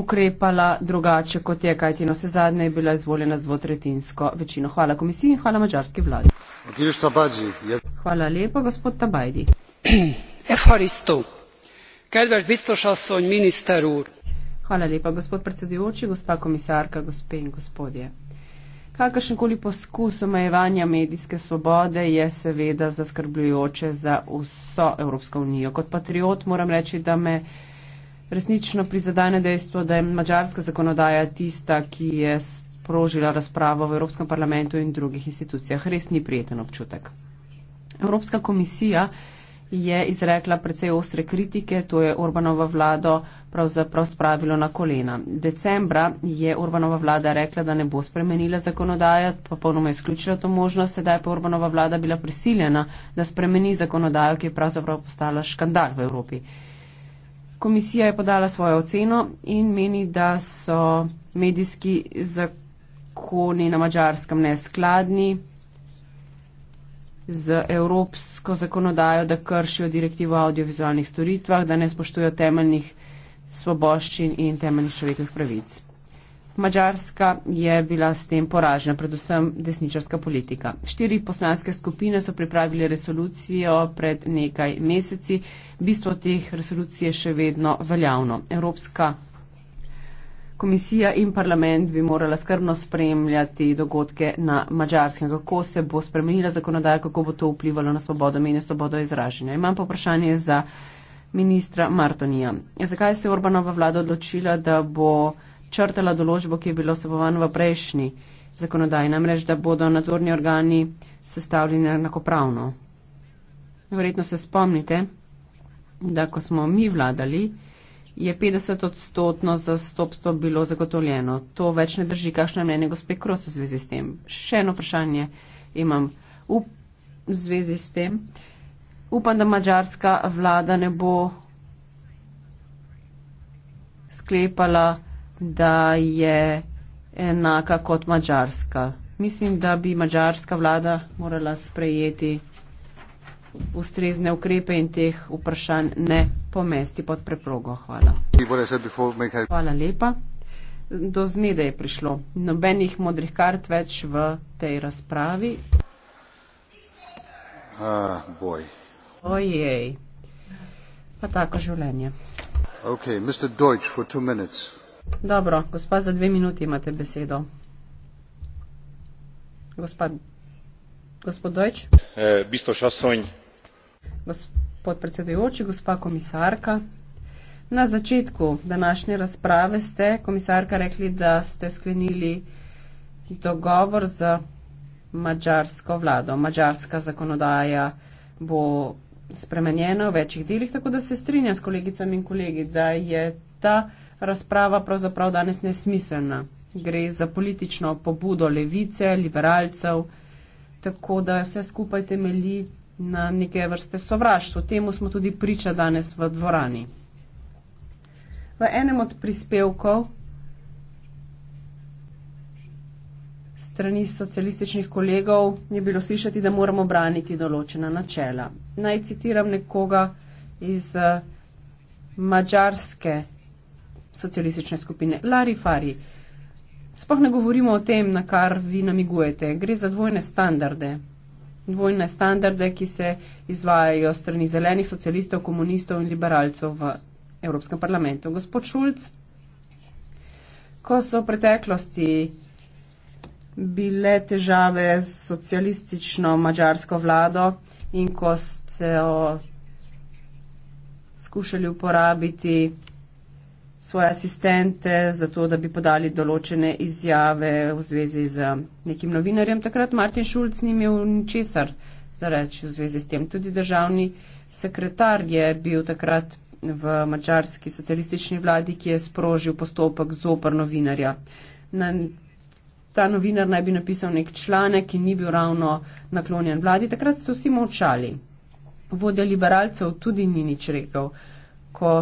ukrepala drugače, kot je, kajti na vse zadnje je bila izvoljena z dvotretinsko večino. Hvala komisiji in hvala mačarski vladi. Hvala lepa, gospod Tabajdi. <clears throat> Hvala lepa, gospod predsedujoči, gospa komisarka, gospe in gospodje. Kakršen koli poskus omejevanja medijske svobode je seveda zaskrbljujoče za vso Evropsko unijo. Kot patriot moram reči, da me resnično prizadane dejstvo, da je mađarska zakonodaja tista, ki je sprožila razpravo v Evropskem parlamentu in drugih institucijah. Res ni prijeten občutek. Evropska komisija je izrekla precej ostre kritike, to je Orbanova vlado pravzaprav spravilo na kolena. Decembra je Orbanova vlada rekla, da ne bo spremenila zakonodajo, pa ponoma izključila to možnost, sedaj pa Orbanova vlada bila prisiljena, da spremeni zakonodajo, ki je pravzaprav postala škandal v Evropi. Komisija je podala svojo oceno in meni, da so medijski zakoni na mačarskem neskladni, z evropsko zakonodajo, da kršijo direktivo o audiovizualnih storitvah, da ne spoštujo temeljnih svoboščin in temeljnih človekovih pravic. Mačarska je bila s tem poražena, predvsem desničarska politika. Štiri poslanske skupine so pripravili resolucijo pred nekaj meseci. Bistvo teh resolucij je še vedno veljavno. Evropska Komisija in parlament bi morala skrbno spremljati dogodke na mačarskem, kako se bo spremenila zakonodaja, kako bo to vplivalo na svobodo menja, svobodo izražanja. Imam pa vprašanje za ministra Martonija. Zakaj se je Orbanova vlada odločila, da bo črtala določbo, ki je bila osebovana v prejšnji zakonodaji, namreč, da bodo nadzorni organi sestavljeni enakopravno? Verjetno se spomnite, da ko smo mi vladali, je 50-odstotno zastopstvo bilo zagotovljeno. To več ne drži, kakšno je mnenje gospe Kros v zvezi s tem. Še eno vprašanje imam v zvezi s tem. Upam, da mađarska vlada ne bo sklepala, da je enaka kot mađarska. Mislim, da bi mađarska vlada morala sprejeti ustrezne ukrepe in teh vprašanj ne pomesti pod preprogo. Hvala. Hvala lepa. Do zmede je prišlo. Nobenih modrih kart več v tej razpravi. Uh, ah, boj. Ojej. Pa tako življenje. Ok, Mr. Deutsch, for two minutes. Dobro, gospa, za dve minuti imate besedo. Gospod, gospod Deutsch. Eh, bistvo šasonj gospod predsedujoči, gospa komisarka. Na začetku današnje razprave ste, komisarka, rekli, da ste sklenili dogovor z mađarsko vlado. Mađarska zakonodaja bo spremenjena v večjih delih, tako da se strinja s kolegicami in kolegi, da je ta razprava pravzaprav danes nesmiselna. Gre za politično pobudo levice, liberalcev, tako da vse skupaj temelji na neke vrste sovraštvo. Temu smo tudi priča danes v dvorani. V enem od prispevkov strani socialističnih kolegov je bilo slišati, da moramo braniti določena načela. Naj citiram nekoga iz eh, mađarske socialistične skupine, Lari Fari. Sploh ne govorimo o tem, na kar vi namigujete. Gre za dvojne standarde dvojne standarde, ki se izvajajo strani zelenih socialistov, komunistov in liberalcev v Evropskem parlamentu. Gospod Šulc, ko so v preteklosti bile težave s socialistično mađarsko vlado in ko ste skušali uporabiti svoje asistente, zato da bi podali določene izjave v zvezi z nekim novinarjem. Takrat Martin Šulc ni imel ničesar za reči v zvezi s tem. Tudi državni sekretar je bil takrat v mačarski socialistični vladi, ki je sprožil postopek zopr novinarja. Na ta novinar naj bi napisal nek članek, ki ni bil ravno naklonjen vladi. Takrat so vsi molčali. Vodja liberalcev tudi ni nič rekel. Ko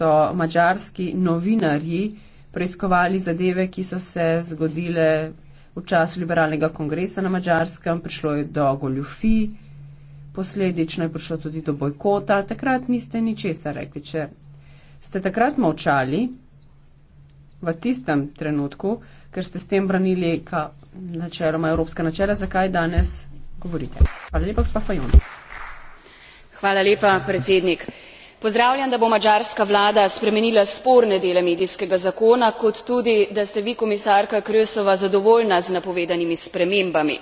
so mačarski novinarji preiskovali zadeve, ki so se zgodile v času liberalnega kongresa na mačarskem, prišlo je do goljufi, posledično je prišlo tudi do bojkota. Takrat niste ničesar rekli, če ste takrat molčali v tistem trenutku, ker ste s tem branili načeloma evropska načela, zakaj danes govorite. Hvala lepa, gospa Fajon. Hvala lepa, predsednik pozdravljam da bo madžarska vlada spremenila sporne dele medijskega zakona kot tudi da ste vi komisarka kroesova zadovoljna z napovedanimi spremembami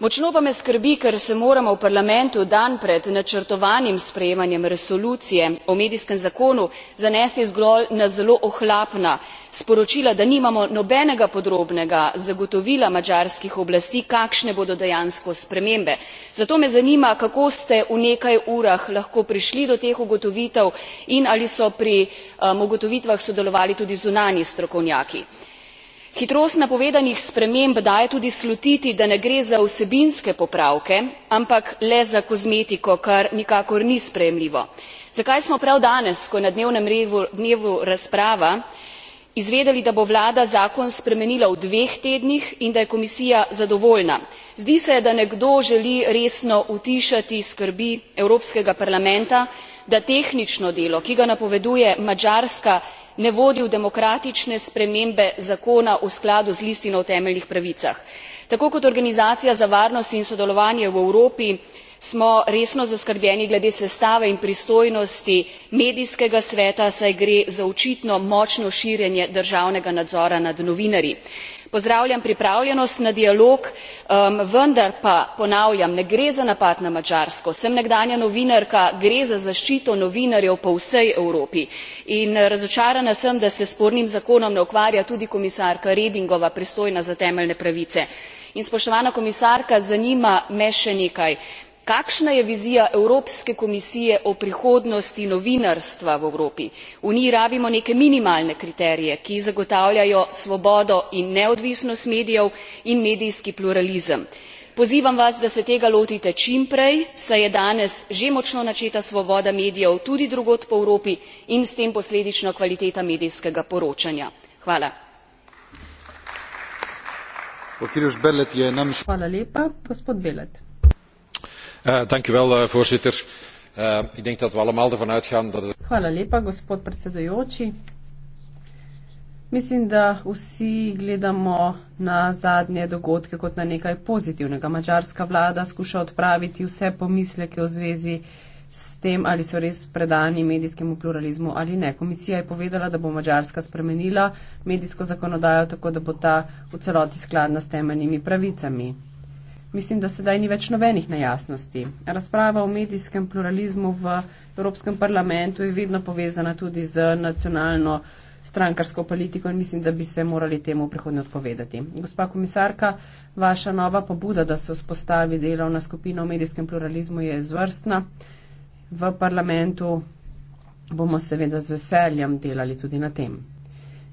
močno pa me skrbi ker se moramo v parlamentu dan pred načrtovanim sprejemanjem resolucije o medijskem zakonu zanesti zgolj na zelo ohlapna sporočila da nimamo nobenega podrobnega zagotovila madžarskih oblasti kakšne bodo dejansko spremembe zato me zanima kako ste v nekaj urah lahko prišli do teh ugotovitev in ali so pri um, ugotovitvah sodelovali tudi zunanji strokovnjaki hitrost napovedanih sprememb daje tudi slutiti da ne gre za vsebinske popravke ampak le za kozmetiko kar nikakor ni sprejemljivo. zakaj smo prav danes ko je na dnevnem redu razprava izvedeli da bo vlada zakon spremenila v dveh tednih in da je komisija zadovoljna? zdi se da nekdo želi resno utišati skrbi evropskega parlamenta da tehnično delo ki ga napoveduje madžarska ne vodi v demokratične spremembe zakona v skladu z listino o temeljnih pravicah. tako kot organizacija za varnost in sodelovanje v evropi smo resno zaskrbljeni glede sestave in pristojnosti medijskega sveta saj gre za očitno močno širjenje državnega nadzora nad novinarji pozdravljam pripravljenost na dialog vendar pa ponavljam ne gre za napad na madžarsko sem nekdanja novinarka gre za zaščito novinarjev po vsej evropi in eh, razočarana sem da se s spornim zakonom ne ukvarja tudi komisarka redingova pristojna za temeljne pravice. in spoštovana komisarka zanima me še nekaj kakšna je vizija evropske komisije o prihodnosti novinarstva v evropi? v uniji rabimo neke minimalne kriterije ki zagotavljajo svobodo in neodvisnost medijev in medijski pluralizem. pozivam vas da se tega lotite čim prej saj je danes že močno načeta svoboda medijev tudi drugod po evropi in s tem posledično kvaliteta medijskega poročanja. hvala. Eh, eh, voorzitter eh, ik denk dat we allemaal ervan uitgaan dat het Hvala lepa, gospod predsedujoči. Mislim, da vsi gledamo na zadnje dogodke kot na nekaj pozitivnega. Mačarska vlada skuša odpraviti vse pomisleke v zvezi s tem, ali so res predani medijskemu pluralizmu ali ne. Komisija je povedala, da bo Mačarska spremenila medijsko zakonodajo tako, da bo ta v celoti skladna s temeljnimi pravicami. Mislim, da sedaj ni več nobenih nejasnosti. Razprava o medijskem pluralizmu v Evropskem parlamentu je vedno povezana tudi z nacionalno strankarsko politiko in mislim, da bi se morali temu v prihodnje odpovedati. Gospa komisarka, vaša nova pobuda, da se vzpostavi delovna skupina o medijskem pluralizmu, je izvrstna. V parlamentu bomo seveda z veseljem delali tudi na tem.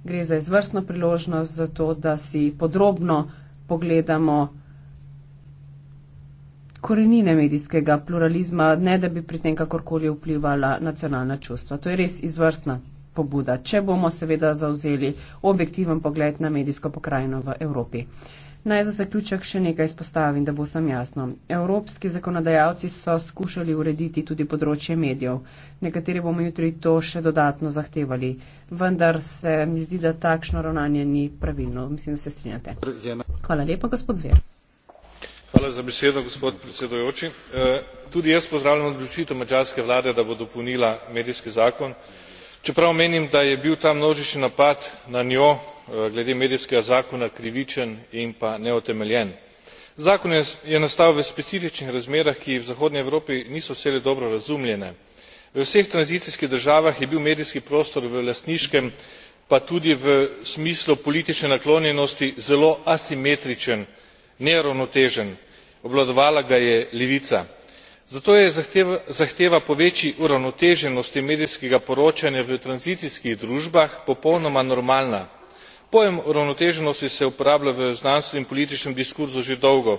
Gre za izvrstno priložnost za to, da si podrobno pogledamo, korenine medijskega pluralizma, ne da bi pri tem kakorkoli vplivala nacionalna čustva. To je res izvrstna pobuda, če bomo seveda zauzeli objektiven pogled na medijsko pokrajino v Evropi. Naj za zaključek še nekaj izpostavim, da bo sem jasno. Evropski zakonodajalci so skušali urediti tudi področje medijev. Nekateri bomo jutri to še dodatno zahtevali, vendar se mi zdi, da takšno ravnanje ni pravilno. Mislim, da se strinjate. Hvala lepa, gospod Zver. E, tudi jaz pozdravljam odločitev madžarske vlade da bo dopolnila medijski zakon čeprav menim da je bil ta množični napad na njo e, glede medijskega zakona krivičen in pa neutemeljen. zakon je nastal v specifičnih razmerah ki v zahodni evropi niso vselej dobro razumljene. v vseh tranzicijskih državah je bil medijski prostor v lastniškem pa tudi v smislu politične naklonjenosti zelo asimetričen neuravnotežen obvladovala ga je levica zato je zahteva po večji uravnoteženosti medijskega poročanja v tranzicijskih družbah popolnoma normalna. pojem uravnoteženosti se uporablja v znanstvenem in političnem diskurzu že dolgo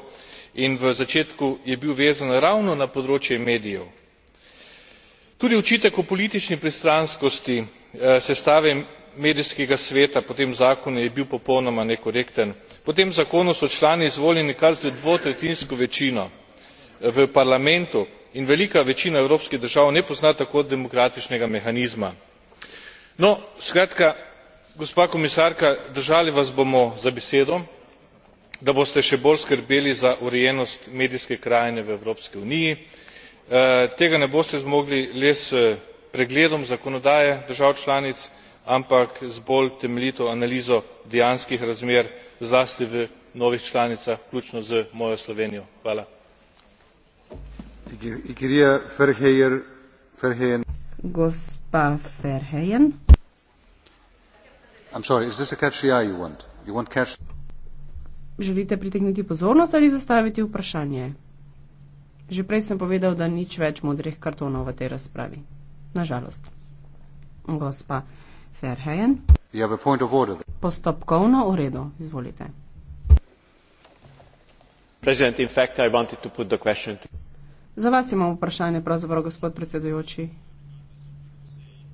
in v začetku je bil vezan ravno na področje medijev. tudi očitek o politični pristranskosti eh, sestave medijskega sveta po tem zakonu je bil popolnoma nekorekten. po tem zakonu so člani izvoljeni kar z dvotretjinsko večino v parlamentu in velika večina evropskih držav ne pozna tako demokratičnega mehanizma. no skratka gospa komisarka držali vas bomo za besedo da boste še bolj skrbeli za urejenost medijske krajine v evropski uniji. Eh, tega ne boste zmogli le s pregledom zakonodaje držav članic ampak z bolj temeljito analizo dejanskih razmer zlasti v novih članicah vključno z mojo slovenijo. želite pritegniti pozornost ali zastaviti vprašanje? že prej sem povedal, da nič več modrih kartonov v tej razpravi. na žalost. gospa Verheyen. Postopkovno v redu, izvolite. Za vas imam vprašanje, pravzaprav, gospod predsedujoči.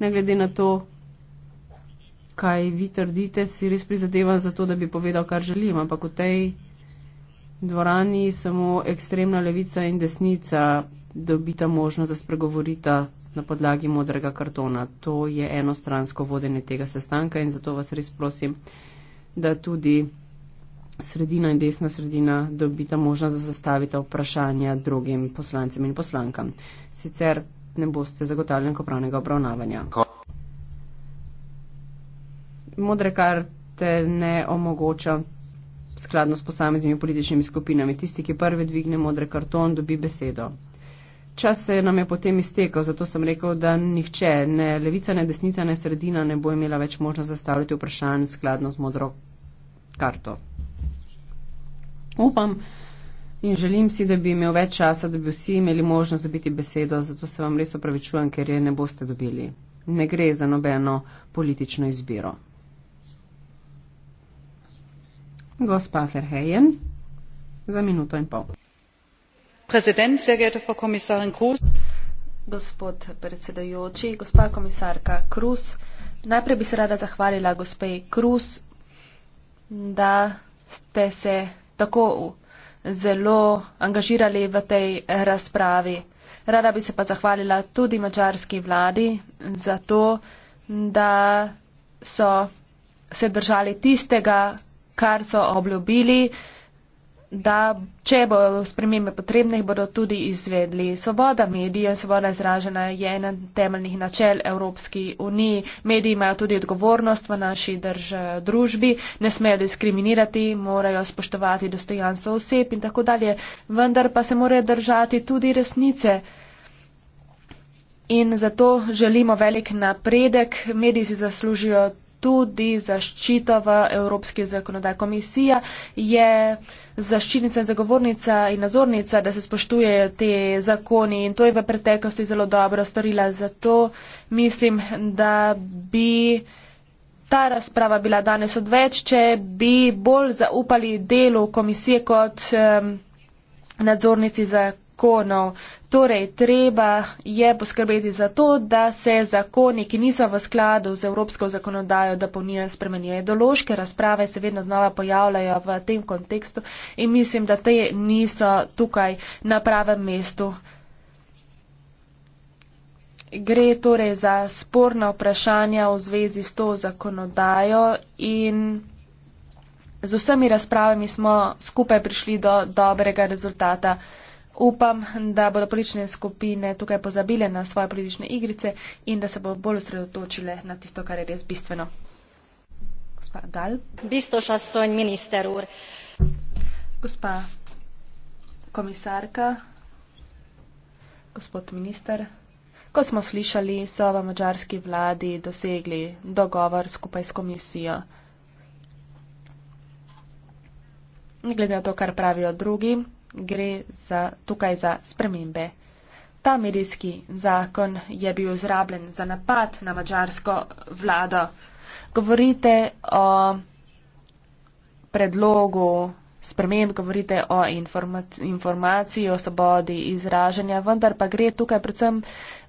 Ne glede na to, kaj vi trdite, si res prizadevam za to, da bi povedal, kar želim, ampak v tej dvorani samo ekstremna levica in desnica dobita možnost, da spregovorita na podlagi modrega kartona. To je enostransko vodenje tega sestanka in zato vas res prosim, da tudi sredina in desna sredina dobita možnost, da zastavite vprašanja drugim poslancem in poslankam. Sicer ne boste zagotavljeni kopravnega obravnavanja. Modre karte ne omogoča skladno s posameznimi političnimi skupinami. Tisti, ki prvi dvigne modre karton, dobi besedo. Čas se nam je potem iztekel, zato sem rekel, da nihče, ne levica, ne desnica, ne sredina, ne bo imela več možnost zastavljati vprašanj skladno z modro karto. Upam in želim si, da bi imel več časa, da bi vsi imeli možnost dobiti besedo, zato se vam res opravičujem, ker je ne boste dobili. Ne gre za nobeno politično izbiro. Gospa Ferhejen, za minuto in pol präsident sehr geehrte frau kommissarin kroes! gospod predsedujoči gospa komisarka kroes najprej bi se rada zahvalila gospe kroes da ste se tako zelo angažirali v tej razpravi rada bi se pa zahvalila tudi mačarski vladi za to da so se držali tistega kar so obljubili da če bo spremembe potrebne, bodo tudi izvedli. Svoboda medijev in svoboda izražena je eden temeljnih načel Evropski uniji. Mediji imajo tudi odgovornost v naši drž, družbi, ne smejo diskriminirati, morajo spoštovati dostojanstvo oseb in tako dalje, vendar pa se morajo držati tudi resnice. In zato želimo velik napredek. Mediji si zaslužijo tudi zaščita v Evropski zakonodaj. Komisija je zaščitnica in zagovornica in nadzornica, da se spoštujejo te zakoni in to je v preteklosti zelo dobro storila. Zato mislim, da bi. Ta razprava bila danes odveč, če bi bolj zaupali delu komisije kot um, nadzornici za zakonov. Torej, treba je poskrbeti za to, da se zakoni, ki niso v skladu z evropsko zakonodajo, da ponijo spremenje. Ideološke razprave se vedno znova pojavljajo v tem kontekstu in mislim, da te niso tukaj na pravem mestu. Gre torej za sporna vprašanja v zvezi s to zakonodajo in. Z vsemi razpravami smo skupaj prišli do dobrega rezultata. Upam, da bodo politične skupine tukaj pozabile na svoje politične igrice in da se bodo bolj osredotočile na tisto, kar je res bistveno. Gospa Dal. Bistoš asoň minister ur. Gospa komisarka, gospod minister. Ko smo slišali, so v mačarski vladi dosegli dogovor skupaj s komisijo. Glede na to, kar pravijo drugi, gre za, tukaj za spremembe. Ta medijski zakon je bil zrabljen za napad na mačarsko vlado. Govorite o predlogu sprememb, govorite o informac informaciji, o svobodi izražanja, vendar pa gre tukaj predvsem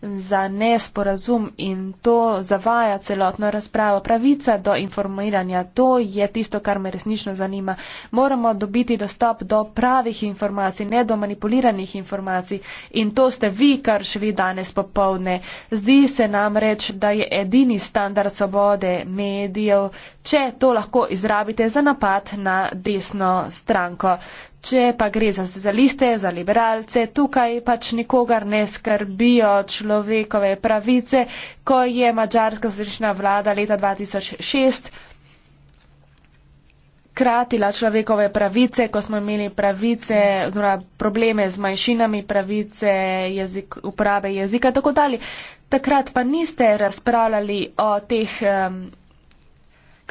za nesporazum in to zavaja celotno razpravo. Pravica do informiranja, to je tisto, kar me resnično zanima. Moramo dobiti dostop do pravih informacij, ne do manipuliranih informacij in to ste vi kršili danes popovdne. Zdi se nam reč, da je edini standard svobode medijev, če to lahko izrabite za napad na desno stranko. Če pa gre za socialiste, za liberalce, tukaj pač nikogar ne skrbijo človekove pravice, ko je mađarska vzrečna vlada leta 2006 kratila človekove pravice, ko smo imeli pravice, oziroma probleme z manjšinami, pravice jezik, uprave jezika in tako dalje. Takrat pa niste razpravljali o teh um,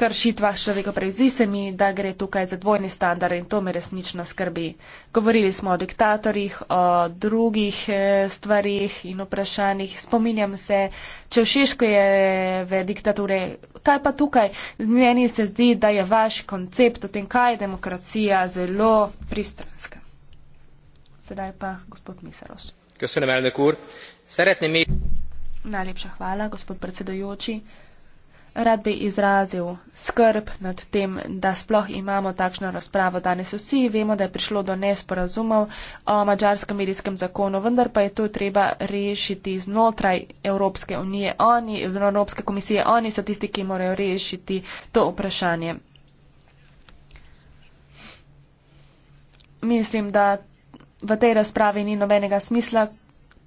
kršitvah človekoprej zdi se mi, da gre tukaj za dvojni standard in to me resnično skrbi. Govorili smo o diktatorjih, o drugih eh, stvarih in vprašanjih. Spominjam se, če v Šeško je v diktature, kaj pa tukaj? Meni se zdi, da je vaš koncept o tem, kaj je demokracija, zelo pristranska. Sedaj pa gospod Misaros. Najlepša hvala, gospod predsedojoči rad bi izrazil skrb nad tem, da sploh imamo takšno razpravo danes. Vsi vemo, da je prišlo do nesporazumov o mačarskem medijskem zakonu, vendar pa je to treba rešiti znotraj Evropske unije. Oni, oziroma Evropske komisije, oni so tisti, ki morajo rešiti to vprašanje. Mislim, da v tej razpravi ni nobenega smisla,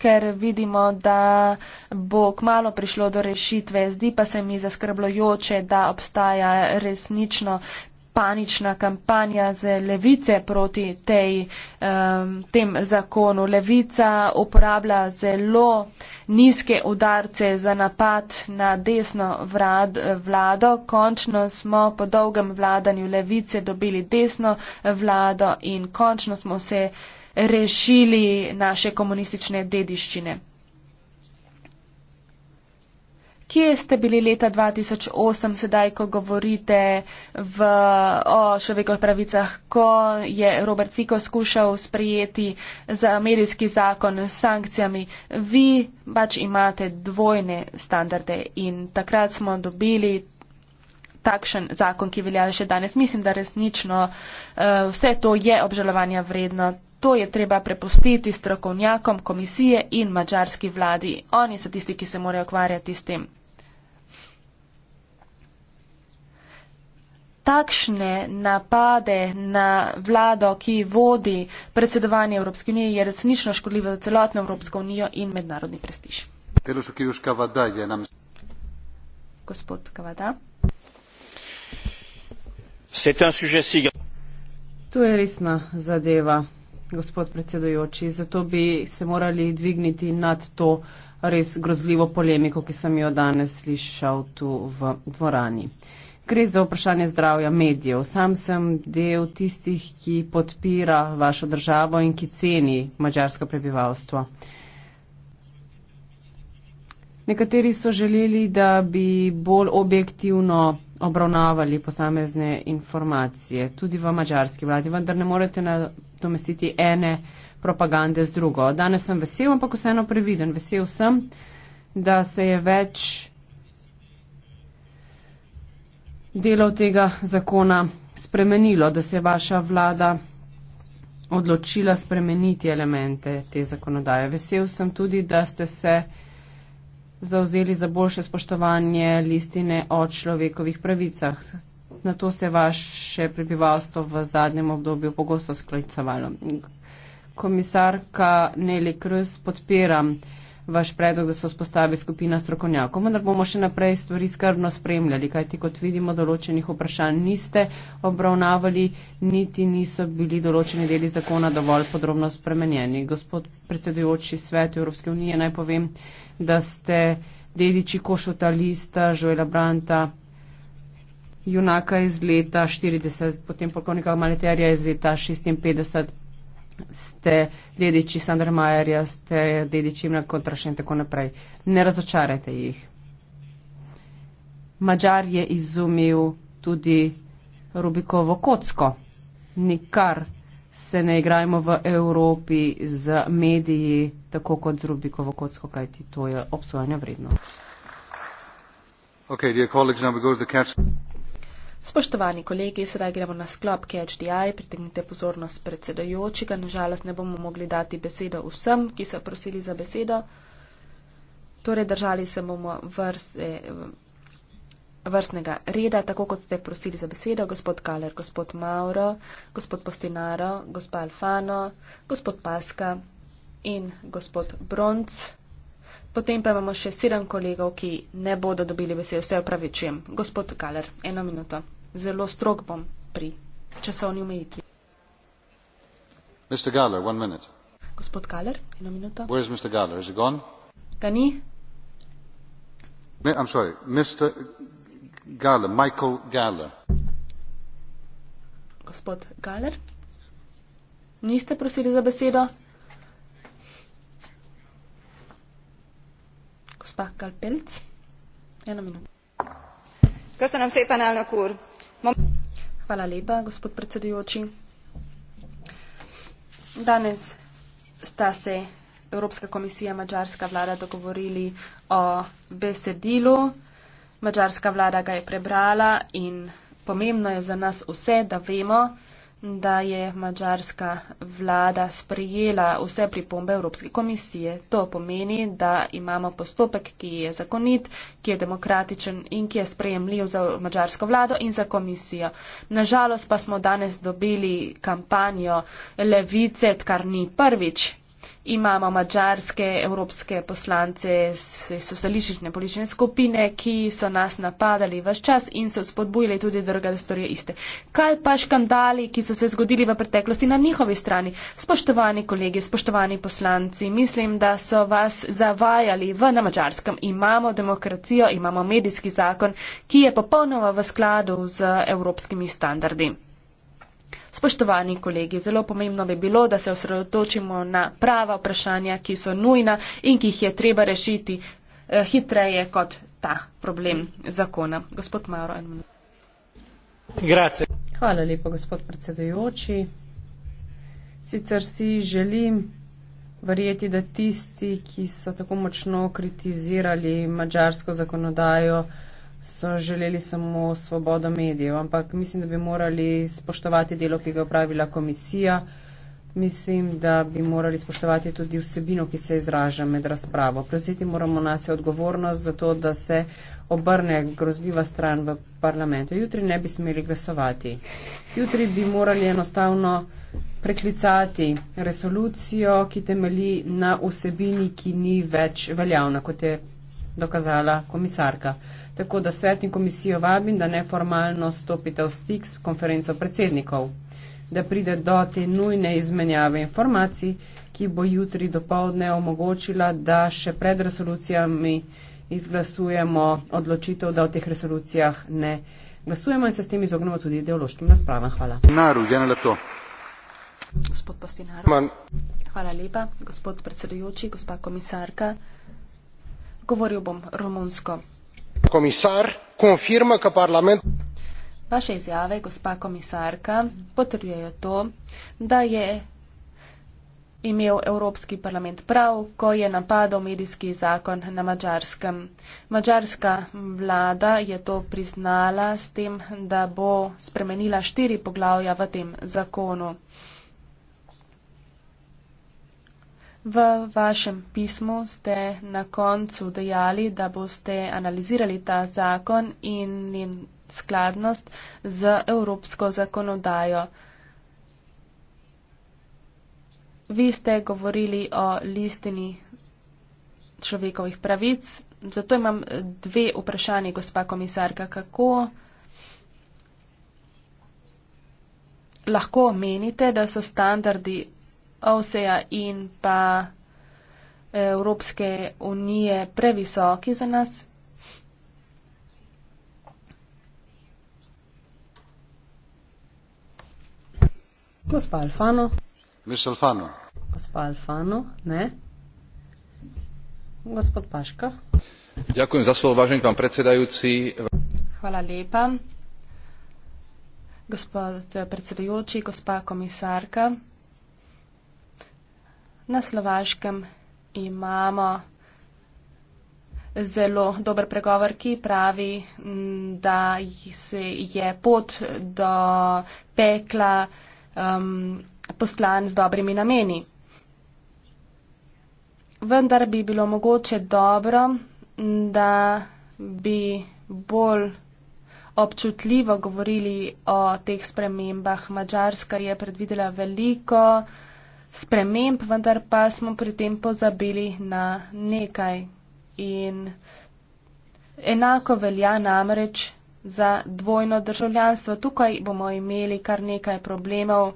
ker vidimo, da bo kmalo prišlo do rešitve. Zdi pa se mi zaskrbljujoče, da obstaja resnično panična kampanja z levice proti tej, um, tem zakonu. Levica uporablja zelo nizke udarce za napad na desno vrad, vlado. Končno smo po dolgem vladanju levice dobili desno vlado in končno smo se rešili naše komunistične dediščine. Kje ste bili leta 2008, sedaj, ko govorite v, o človekovih pravicah, ko je Robert Fico skušal sprijeti za medijski zakon s sankcijami? Vi pač imate dvojne standarde in takrat smo dobili takšen zakon, ki velja še danes. Mislim, da resnično eh, vse to je obžalovanja vredno to je treba prepustiti strokovnjakom komisije in mačarski vladi. Oni so tisti, ki se morajo okvarjati s tem. Takšne napade na vlado, ki vodi predsedovanje Evropske unije, je resnično škodljivo za celotno Evropsko unijo in mednarodni prestiž. Gospod Kavada. To je resna zadeva gospod predsedujoči. Zato bi se morali dvigniti nad to res grozljivo polemiko, ki sem jo danes slišal tu v dvorani. Gre za vprašanje zdravja medijev. Sam sem del tistih, ki podpira vašo državo in ki ceni mačarsko prebivalstvo. Nekateri so želeli, da bi bolj objektivno obravnavali posamezne informacije, tudi v mačarski vladi, vendar ne morete na, domestiti ene propagande z drugo. Danes sem vesel, ampak vseeno previden. Vesel sem, da se je več delov tega zakona spremenilo, da se je vaša vlada odločila spremeniti elemente te zakonodaje. Vesel sem tudi, da ste se zauzeli za boljše spoštovanje listine o človekovih pravicah. Na to se vaše prebivalstvo v zadnjem obdobju pogosto sklicevalo. Komisarka Neli Krus, podpiram vaš predlog, da se vzpostavi skupina strokovnjakov, vendar bomo še naprej stvari skrbno spremljali, kajti kot vidimo, določenih vprašanj niste obravnavali, niti niso bili določeni deli zakona dovolj podrobno spremenjeni. Gospod predsedujoči svet Evropske unije, naj povem, da ste dediči Košota Lista, Žojla Branta, junaka iz leta 40, potem polkovnika Maleterja iz leta 56, ste dediči Sandra Majerja, ste dediči Imna Kontraša in tako naprej. Ne razočarajte jih. Mačar je izumil tudi Rubikovo kocko. Nikar se ne igrajmo v Evropi z mediji tako kot z Rubikovo kocko, kajti to je obsojanja vredno. Okay, dear colleagues, now we go to the council. Spoštovani kolegi, sedaj gremo na sklop KHDI, pritegnite pozornost predsedojočega. Nažalost ne bomo mogli dati besedo vsem, ki so prosili za besedo. Torej držali se bomo vrst, eh, vrstnega reda, tako kot ste prosili za besedo, gospod Kaler, gospod Mauro, gospod Postinaro, gospod Alfano, gospod Paska in gospod Bronc. Potem pa imamo še sedem kolegov, ki ne bodo dobili besede. Vse upravičujem. Gospod Kaler, eno minuto. Zelo strok bom pri časovni omejitvi. Gospod Kaler, eno minuto. Kje je gospod Kaler? Je gone? Ga ni. I'm sorry, Mr. Galler, Michael Galler. Gospod Galler, niste prosili za besedo? danes sta se evropska komisija in mađarska vlada dogovorili o besedilu mađarska vlada ga je prebrala in pomembno je za nas vse da vemo da je mađarska vlada sprijela vse pripombe Evropske komisije. To pomeni, da imamo postopek, ki je zakonit, ki je demokratičen in ki je sprejemljiv za mađarsko vlado in za komisijo. Nažalost pa smo danes dobili kampanjo levice, kar ni prvič, imamo mačarske evropske poslance iz socialistične politične skupine, ki so nas napadali vse čas in so spodbujali tudi druge, da storijo iste. Kaj pa škandali, ki so se zgodili v preteklosti na njihovi strani? Spoštovani kolegi, spoštovani poslanci, mislim, da so vas zavajali v na mačarskem. Imamo demokracijo, imamo medijski zakon, ki je popolnoma v skladu z evropskimi standardi. Spoštovani kolegi, zelo pomembno bi bilo, da se osredotočimo na prava vprašanja, ki so nujna in ki jih je treba rešiti eh, hitreje kot ta problem zakona. Gospod Mauro. Grazie. Hvala lepo, gospod predsedujoči. Sicer si želim verjeti, da tisti, ki so tako močno kritizirali mačarsko zakonodajo, so želeli samo svobodo medijev, ampak mislim, da bi morali spoštovati delo, ki ga je upravila komisija. Mislim, da bi morali spoštovati tudi vsebino, ki se izraža med razpravo. Prevzeti moramo nas je odgovornost za to, da se obrne grozljiva stran v parlamentu. Jutri ne bi smeli glasovati. Jutri bi morali enostavno preklicati resolucijo, ki temeli na vsebini, ki ni več veljavna, kot je dokazala komisarka tako da svet in komisijo vabim, da neformalno stopite v stik s konferenco predsednikov, da pride do te nujne izmenjave informacij, ki bo jutri do povdne omogočila, da še pred resolucijami izglasujemo odločitev, da o teh resolucijah ne glasujemo in se s tem izognemo tudi ideološkim razpravam. Hvala. Naru, ja, Gospod Pastinar. Hvala lepa, gospod predsedujoči, gospa komisarka. Govoril bom romunsko komisar konfirma, ka parlament. Vaše izjave, gospa komisarka, potrjujejo to, da je imel Evropski parlament prav, ko je napadal medijski zakon na Mačarskem. Mačarska vlada je to priznala s tem, da bo spremenila štiri poglavja v tem zakonu. V vašem pismu ste na koncu dejali, da boste analizirali ta zakon in njen skladnost z evropsko zakonodajo. Vi ste govorili o listini človekovih pravic, zato imam dve vprašanje, gospa komisarka, kako lahko menite, da so standardi OVSE-ja in pa Evropske unije previsoki za nas. Gospa Alfano. Miss Alfano. Gospa Alfano, ne. Gospod Paška. Ďakujem za slovo, vážený pán predsedajúci. Hvala lepa. Gospod predsedajúci, gospa komisárka na slovaškem imamo zelo dober pregovor, ki pravi, da se je pot do pekla um, poslan z dobrimi nameni. Vendar bi bilo mogoče dobro, da bi bolj občutljivo govorili o teh spremembah. Mačarska je predvidela veliko sprememb, vendar pa smo pri tem pozabili na nekaj. In enako velja namreč za dvojno državljanstvo. Tukaj bomo imeli kar nekaj problemov.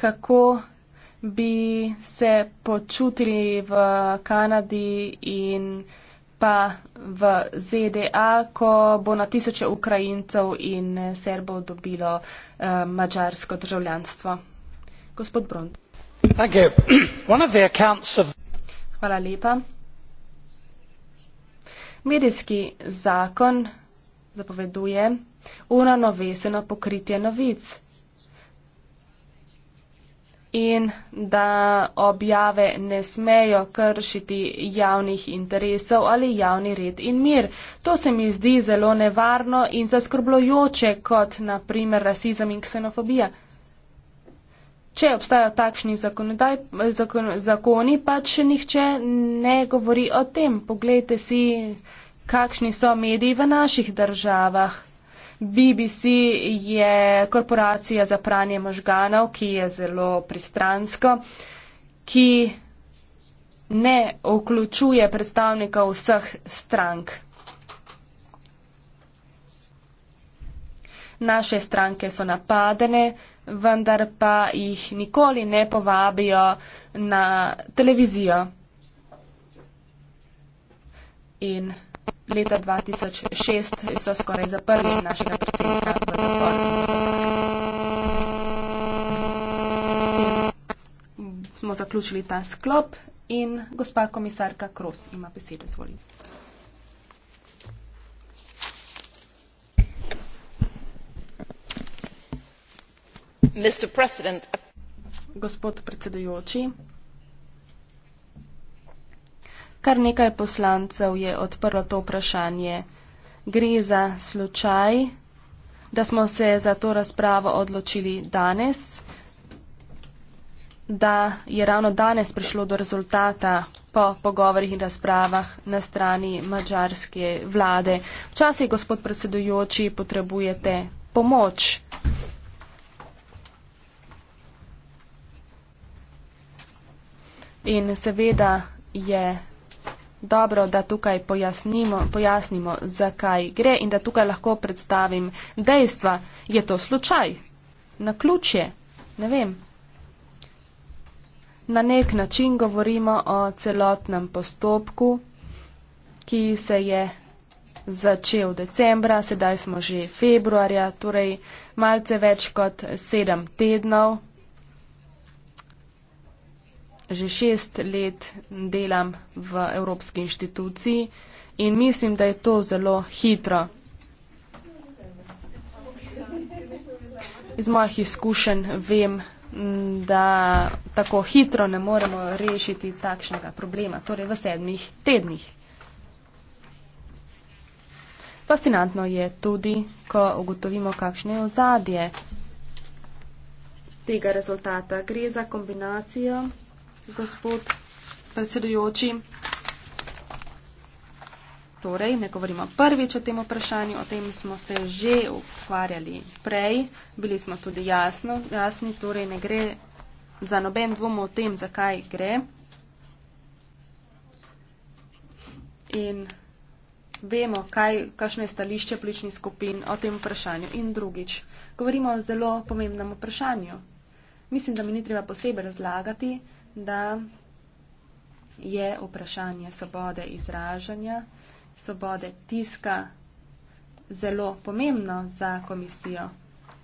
Kako bi se počutili v Kanadi in pa v ZDA, ko bo na tisoče Ukrajincev in eh, Serbov dobilo eh, mačarsko državljanstvo. Gospod Brond. <clears throat> Hvala lepa. Medijski zakon zapoveduje uravnoveseno pokritje novic in da objave ne smejo kršiti javnih interesov ali javni red in mir. To se mi zdi zelo nevarno in zaskrblojoče, kot naprimer rasizem in ksenofobija. Če obstajajo takšni zakonodaj, zakon, zakoni, pač nihče ne govori o tem. Poglejte si, kakšni so mediji v naših državah. BBC je korporacija za pranje možganov, ki je zelo pristransko, ki ne vključuje predstavnikov vseh strank. Naše stranke so napadene, vendar pa jih nikoli ne povabijo na televizijo. In leta 2006 so skoraj zaprli našega predsednika v zapor. Smo zaključili ta sklop in gospa komisarka Kros ima besedo, izvoli. Gospod predsedujoči, Kar nekaj poslancev je odprlo to vprašanje. Gre za slučaj, da smo se za to razpravo odločili danes, da je ravno danes prišlo do rezultata po pogovorih in razpravah na strani mačarske vlade. Včasih, gospod predsedujoči, potrebujete pomoč. In seveda je dobro, da tukaj pojasnimo, pojasnimo, zakaj gre in da tukaj lahko predstavim dejstva. Je to slučaj? Na ključje? Ne vem. Na nek način govorimo o celotnem postopku, ki se je začel decembra, sedaj smo že februarja, torej malce več kot sedem tednov že šest let delam v Evropski inštituciji in mislim, da je to zelo hitro. Iz mojih izkušenj vem, da tako hitro ne moremo rešiti takšnega problema, torej v sedmih tednih. Fascinantno je tudi, ko ugotovimo, kakšne je ozadje tega rezultata. Gre za kombinacijo gospod predsedujoči. Torej, ne govorimo prvič o tem vprašanju, o tem smo se že ukvarjali prej, bili smo tudi jasno, jasni, torej ne gre za noben dvom o tem, zakaj gre. In vemo, kaj, kakšno je stališče političnih skupin o tem vprašanju. In drugič, govorimo o zelo pomembnem vprašanju. Mislim, da mi ni treba posebej razlagati, da je vprašanje svobode izražanja, svobode tiska zelo pomembno za komisijo.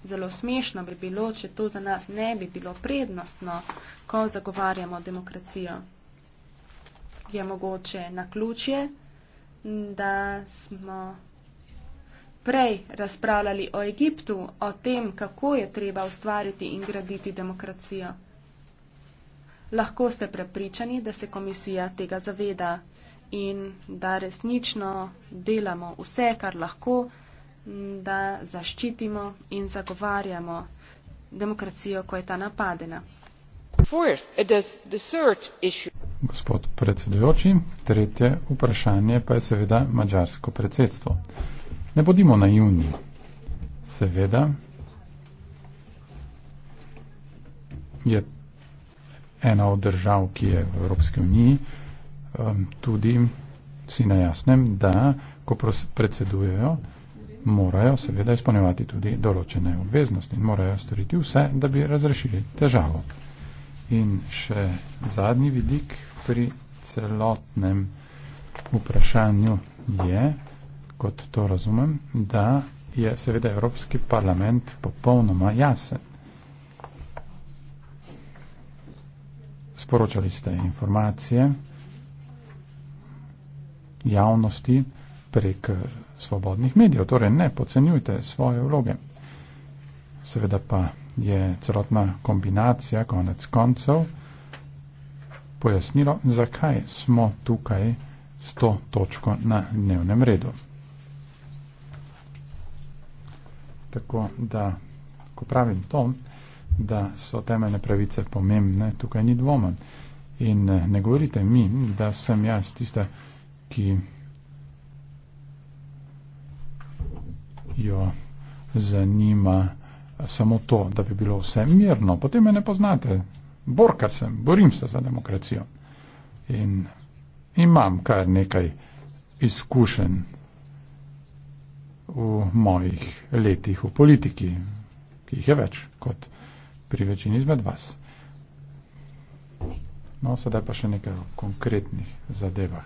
Zelo smešno bi bilo, če to za nas ne bi bilo prednostno, ko zagovarjamo demokracijo. Je mogoče na ključje, da smo prej razpravljali o Egiptu, o tem, kako je treba ustvariti in graditi demokracijo lahko ste prepričani, da se komisija tega zaveda in da resnično delamo vse, kar lahko, da zaščitimo in zagovarjamo demokracijo, ko je ta napadena. Gospod predsedujoči, tretje vprašanje pa je seveda mačarsko predsedstvo. Ne bodimo naivni. Seveda je ena od držav, ki je v Evropski uniji, um, tudi si na jasnem, da ko predsedujejo, morajo seveda izpolnjevati tudi določene obveznosti in morajo storiti vse, da bi razrešili težavo. In še zadnji vidik pri celotnem vprašanju je, kot to razumem, da je seveda Evropski parlament popolnoma jasen. sporočali ste informacije javnosti prek svobodnih medijev, torej ne podcenjujte svoje vloge. Seveda pa je celotna kombinacija konec koncev pojasnilo, zakaj smo tukaj s to točko na dnevnem redu. Tako da, ko pravim to, da so temeljne pravice pomembne, tukaj ni dvoma. In eh, ne govorite mi, da sem jaz tista, ki jo zanima samo to, da bi bilo vse mirno. Potem me ne poznate. Borka sem, borim se za demokracijo. In imam kar nekaj izkušenj v mojih letih v politiki, ki jih je več kot pri večini izmed vas. No, sedaj pa še nekaj o konkretnih zadevah.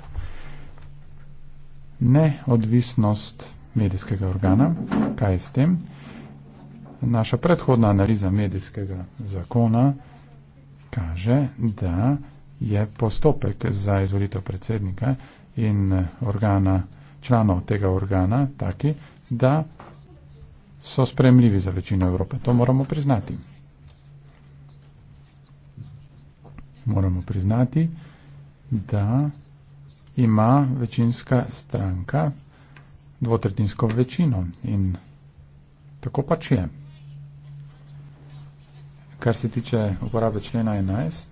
Neodvisnost medijskega organa, kaj je s tem? Naša predhodna analiza medijskega zakona kaže, da je postopek za izvolitev predsednika in organa, članov tega organa taki, da so spremljivi za večino Evrope. To moramo priznati. moramo priznati, da ima večinska stranka dvotretinsko večino in tako pač je. Kar se tiče uporabe člena 11,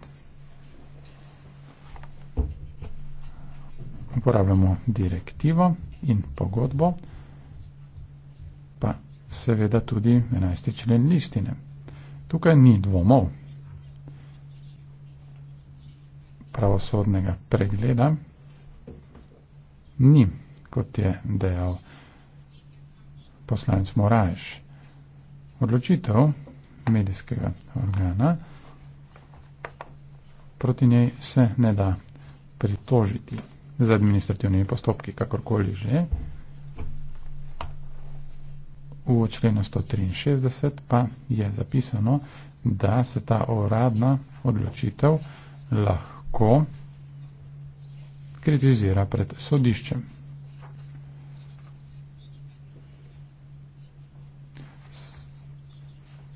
uporabljamo direktivo in pogodbo, pa seveda tudi 11. člen listine. Tukaj ni dvomov. pravosodnega pregleda. Ni, kot je dejal poslanec Morajš. Odločitev medijskega organa proti njej se ne da pritožiti z administrativnimi postopki, kakorkoli že. V členu 163 pa je zapisano, da se ta uradna odločitev lahko ko kritizira pred sodiščem.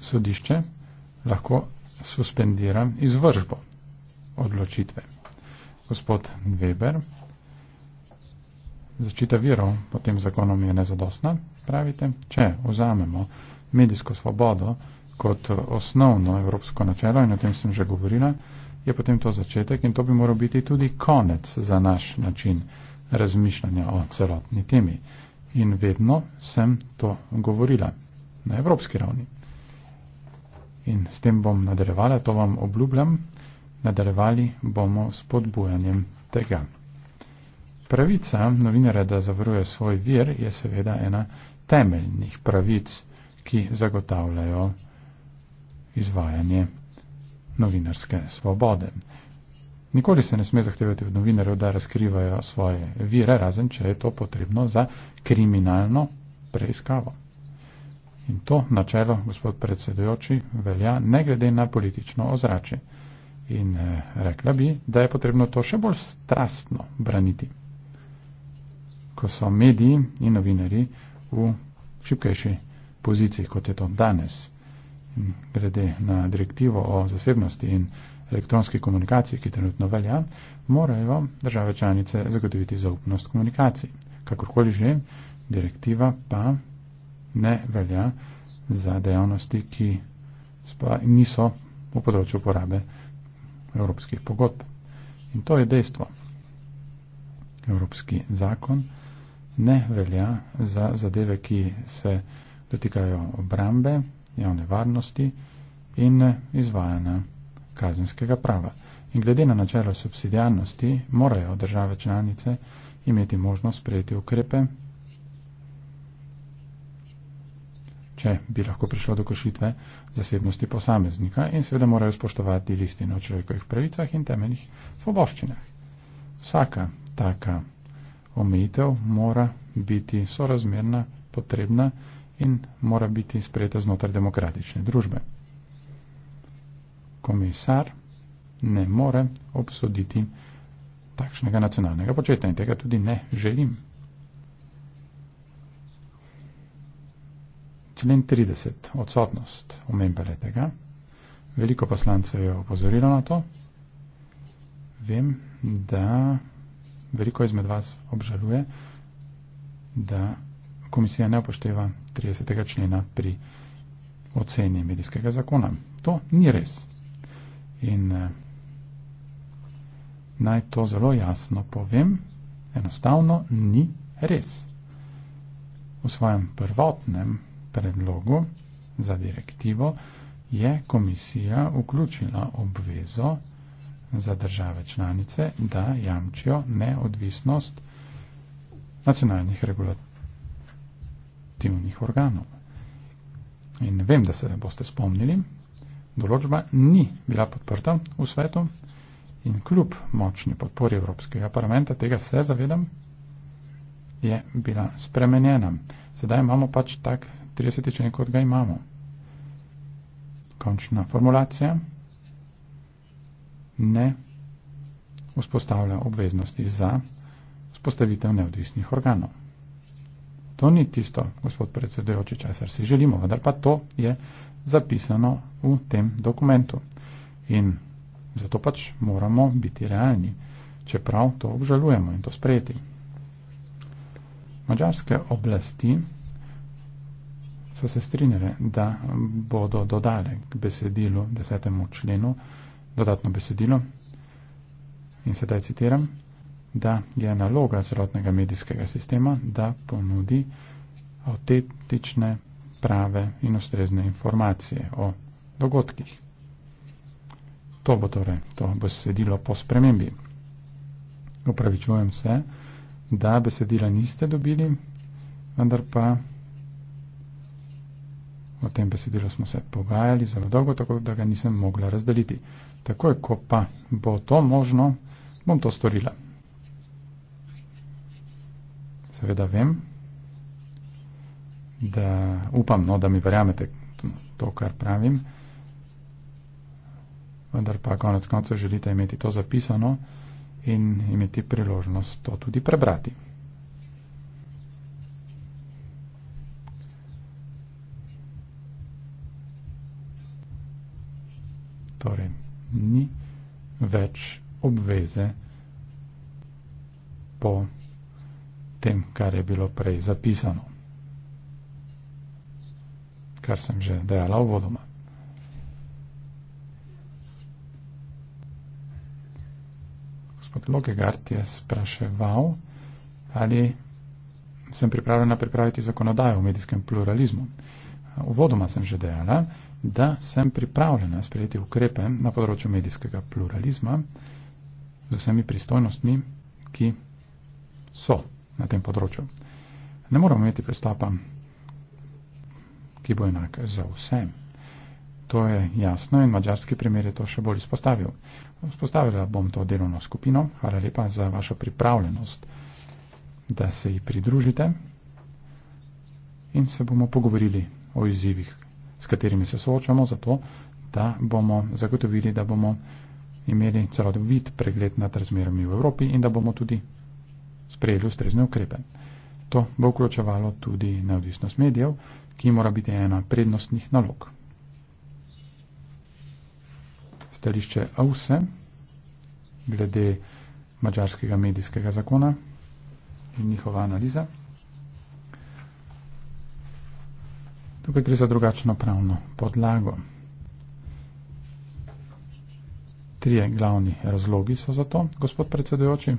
Sodišče lahko suspendira izvržbo odločitve. Gospod Weber, zaščita virov po tem zakonom je nezadostna, pravite, če vzamemo medijsko svobodo kot osnovno evropsko načelo in o tem sem že govorila, je potem to začetek in to bi moral biti tudi konec za naš način razmišljanja o celotni temi. In vedno sem to govorila na evropski ravni. In s tem bom nadaljevala, to vam obljubljam, nadaljevali bomo s podbujanjem tega. Pravica novinarja, da zavaruje svoj vir, je seveda ena temeljnih pravic, ki zagotavljajo izvajanje novinarske svobode. Nikoli se ne sme zahtevati od novinarjev, da razkrivajo svoje vire, razen če je to potrebno za kriminalno preiskavo. In to načelo, gospod predsedujoči, velja ne glede na politično ozračje. In eh, rekla bi, da je potrebno to še bolj strastno braniti, ko so mediji in novinari v šipkejši poziciji, kot je to danes glede na direktivo o zasebnosti in elektronski komunikaciji, ki trenutno velja, morajo države članice zagotoviti zaupnost komunikacij. Kakorkoli že, direktiva pa ne velja za dejavnosti, ki niso v področju uporabe evropskih pogodb. In to je dejstvo. Evropski zakon ne velja za zadeve, ki se dotikajo obrambe, javne varnosti in eh, izvajanja kazenskega prava. In glede na načelo subsidijarnosti morajo države članice imeti možnost sprejeti ukrepe, če bi lahko prišlo do kršitve zasebnosti posameznika in seveda morajo spoštovati listino o človekovih pravicah in temeljnih svoboščinah. Vsaka taka omejitev mora biti sorazmerna, potrebna in mora biti sprejeta znotraj demokratične družbe. Komisar ne more obsoditi takšnega nacionalnega početja in tega tudi ne želim. Člen 30. Odsotnost omembele tega. Veliko poslancev je opozorilo na to. Vem, da veliko izmed vas obžaluje, da komisija ne upošteva 30. člena pri oceni medijskega zakona. To ni res. In eh, naj to zelo jasno povem, enostavno ni res. V svojem prvotnem predlogu za direktivo je komisija vključila obvezo za države članice, da jamčijo neodvisnost nacionalnih regulatorjev reproduktivnih organov. In vem, da se boste spomnili, določba ni bila podprta v svetu in kljub močni podpori Evropskega parlamenta, tega se zavedam, je bila spremenjena. Sedaj imamo pač tak 30. člen, kot ga imamo. Končna formulacija ne vzpostavlja obveznosti za vzpostavitev neodvisnih organov to ni tisto, gospod predsedujoči, česar si želimo, vendar pa to je zapisano v tem dokumentu. In zato pač moramo biti realni, čeprav to obžalujemo in to sprejeti. Mačarske oblasti so se strinjale, da bodo dodale k besedilu, desetemu členu, dodatno besedilo. In sedaj citiram da je naloga celotnega medijskega sistema, da ponudi avtentične, prave in ustrezne informacije o dogodkih. To bo torej, to bo sedilo po spremembi. Upravičujem se, da besedila niste dobili, vendar pa o tem besedilu smo se pogajali zelo dolgo, tako da ga nisem mogla razdeliti. Takoj, ko pa bo to možno, bom to storila. Seveda vem, da upam, no, da mi verjamete to, kar pravim, vendar pa konec koncev želite imeti to zapisano in imeti priložnost to tudi prebrati. Torej, ni več obveze po tem, kar je bilo prej zapisano, kar sem že dejala v vodoma. Gospod Lokegard je spraševal, ali sem pripravljena pripraviti zakonodajo o medijskem pluralizmu. Uvodoma sem že dejala, da sem pripravljena sprejeti ukrepe na področju medijskega pluralizma z vsemi pristojnostmi, ki so na tem področju. Ne moramo imeti pristopa, ki bo enak za vse. To je jasno in mađarski primer je to še bolj izpostavil. Vzpostavila bom to delovno skupino. Hvala lepa za vašo pripravljenost, da se ji pridružite in se bomo pogovorili o izzivih, s katerimi se soočamo, zato da bomo zagotovili, da bomo imeli celodovit pregled nad razmerami v Evropi in da bomo tudi sprejeli ustrezne ukrepe. To bo vključevalo tudi neodvisnost medijev, ki mora biti ena prednostnih nalog. Stališče AUSE glede mađarskega medijskega zakona in njihova analiza. Tukaj gre za drugačno pravno podlago. Trije glavni razlogi so za to, gospod predsedujoči.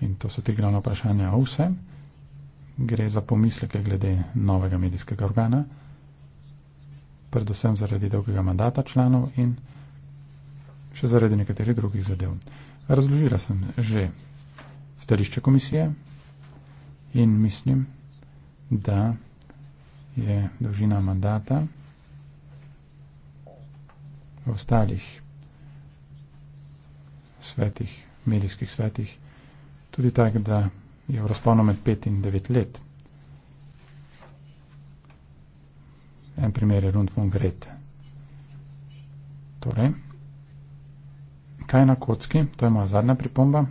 In to so ti glavna vprašanja o vsem. Gre za pomisleke glede novega medijskega organa, predvsem zaradi dolgega mandata članov in še zaradi nekaterih drugih zadev. Razložila sem že stališče komisije in mislim, da je dolžina mandata v ostalih svetih, medijskih svetih tudi tak, da je v razponu med 5 in 9 let. En primer je Rundfunk Rete. Torej, kaj na kocki, to je moja zadnja pripomba.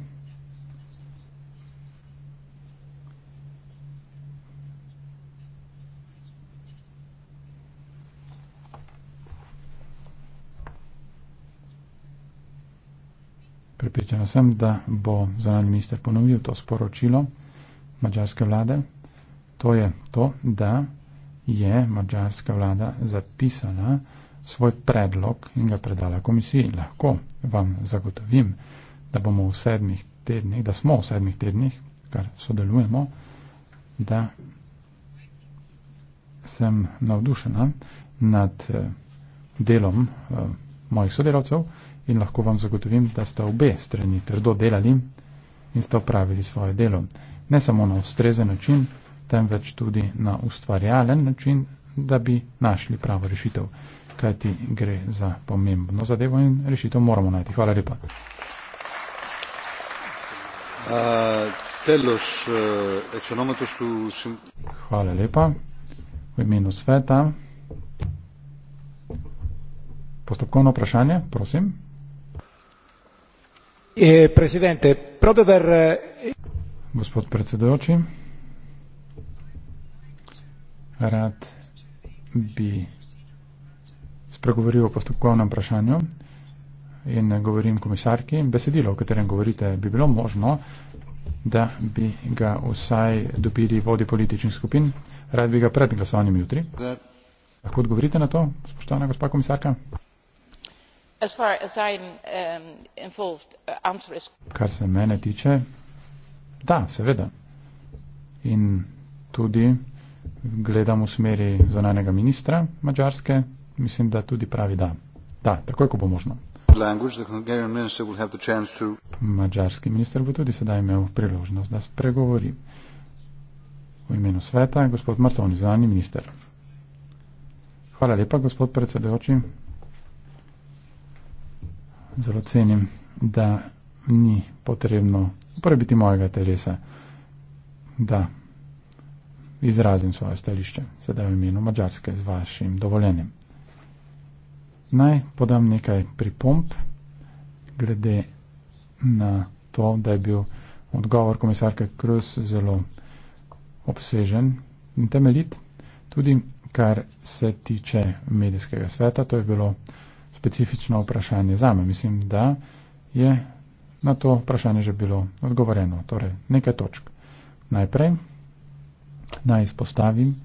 pripričana sem, da bo zunanji minister ponovil to sporočilo mađarske vlade. To je to, da je mađarska vlada zapisala svoj predlog in ga predala komisiji. Lahko vam zagotovim, da bomo v sedmih tednih, da smo v sedmih tednih, kar sodelujemo, da sem navdušena nad eh, delom eh, mojih sodelavcev in lahko vam zagotovim, da sta obe strani trdo delali in sta upravili svoje delo. Ne samo na ustrezen način, temveč tudi na ustvarjalen način, da bi našli pravo rešitev. Kaj ti gre za pomembno zadevo in rešitev moramo najti. Hvala lepa. E, Hvala lepa. V imenu sveta. Postopkovno vprašanje, prosim. Eh, eh, Gospod predsedojoči, rad bi spregovoril o postopkovnem vprašanju in govorim komisarki. Besedilo, o katerem govorite, bi bilo možno, da bi ga vsaj dobili vodi političnih skupin. Rad bi ga pred glasovanjem jutri. Lahko odgovorite na to, spoštovana gospa komisarka? as far as I am um, involved, uh, answer is. Kar se mene tiče, da, seveda. In tudi gledam v smeri zonanega ministra Mačarske, mislim, da tudi pravi da. Da, takoj, ko bo možno. Mačarski minister bo tudi sedaj imel priložnost, da spregovori v imenu sveta, gospod Martoni, zonani minister. Hvala lepa, gospod predsedujoči zelo cenim, da ni potrebno uporabiti mojega telesa, da izrazim svoje stališče, sedaj v imenu Mačarske z vašim dovoljenjem. Naj podam nekaj pripomp glede na to, da je bil odgovor komisarke Kruz zelo obsežen in temeljit, tudi kar se tiče medijskega sveta, to je bilo specifično vprašanje za me. Mislim, da je na to vprašanje že bilo odgovoreno. Torej, nekaj točk. Najprej naj izpostavim,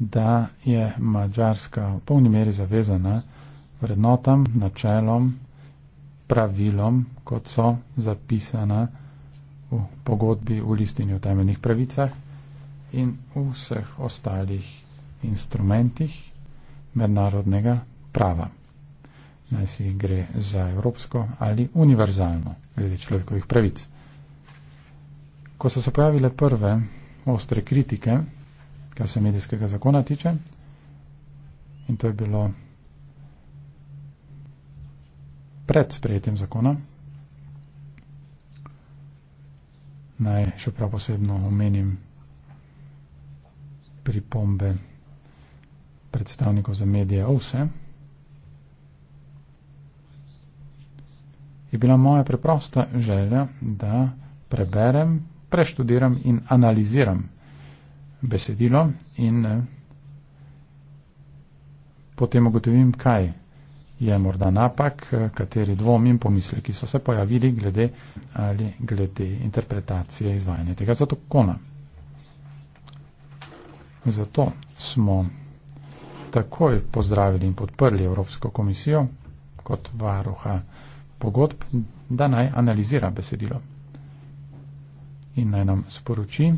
da je Mačarska v polni meri zavezana vrednotam, načelom, pravilom, kot so zapisana v pogodbi v listini o temeljnih pravicah in v vseh ostalih instrumentih mednarodnega prava naj si gre za evropsko ali univerzalno glede človekovih pravic. Ko so se pojavile prve ostre kritike, kar se medijskega zakona tiče, in to je bilo pred sprejetjem zakona, naj še prav posebno omenim pripombe predstavnikov za medije o vsem, je bila moja preprosta želja, da preberem, preštudiram in analiziram besedilo in eh, potem ugotovim, kaj je morda napak, eh, kateri dvom in pomisleki so se pojavili glede ali glede interpretacije izvajanja tega zatokona. Zato smo takoj pozdravili in podprli Evropsko komisijo kot varuha pogodb, da naj analizira besedilo in naj nam sporoči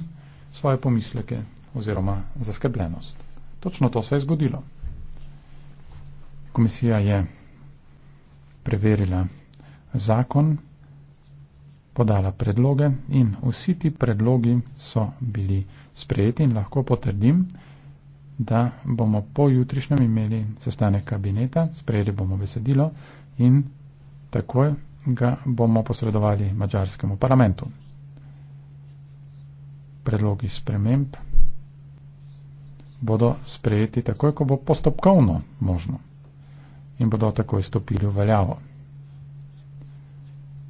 svoje pomisleke oziroma zaskrbljenost. Točno to se je zgodilo. Komisija je preverila zakon, podala predloge in vsi ti predlogi so bili sprejeti in lahko potrdim, da bomo po jutrišnjem imeli sestanek kabineta, sprejeli bomo besedilo in Takoj ga bomo posredovali mađarskemu parlamentu. Predlogi sprememb bodo sprejeti takoj, ko bo postopkovno možno in bodo takoj stopili v veljavo.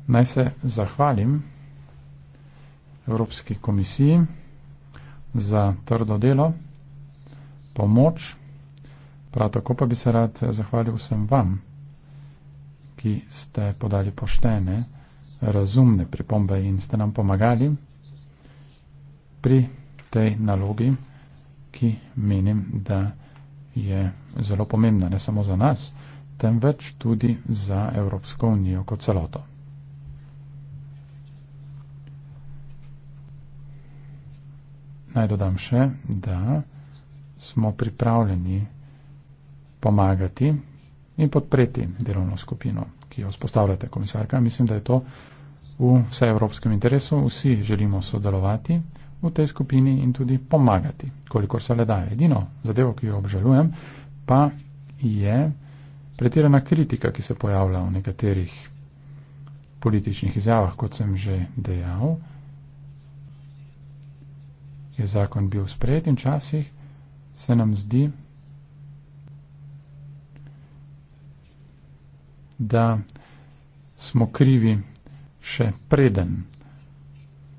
Naj se zahvalim Evropski komisiji za trdo delo, pomoč, prav tako pa bi se rad zahvalil vsem vam ki ste podali poštene, razumne pripombe in ste nam pomagali pri tej nalogi, ki menim, da je zelo pomembna ne samo za nas, temveč tudi za Evropsko unijo kot celoto. Naj dodam še, da smo pripravljeni pomagati in podpreti delovno skupino, ki jo spostavljate, komisarka. Mislim, da je to v vseevropskem interesu. Vsi želimo sodelovati v tej skupini in tudi pomagati, kolikor se le da. Edino zadevo, ki jo obžalujem, pa je pretirana kritika, ki se pojavlja v nekaterih političnih izjavah, kot sem že dejal. Je zakon bil sprejet in včasih se nam zdi, da smo krivi še preden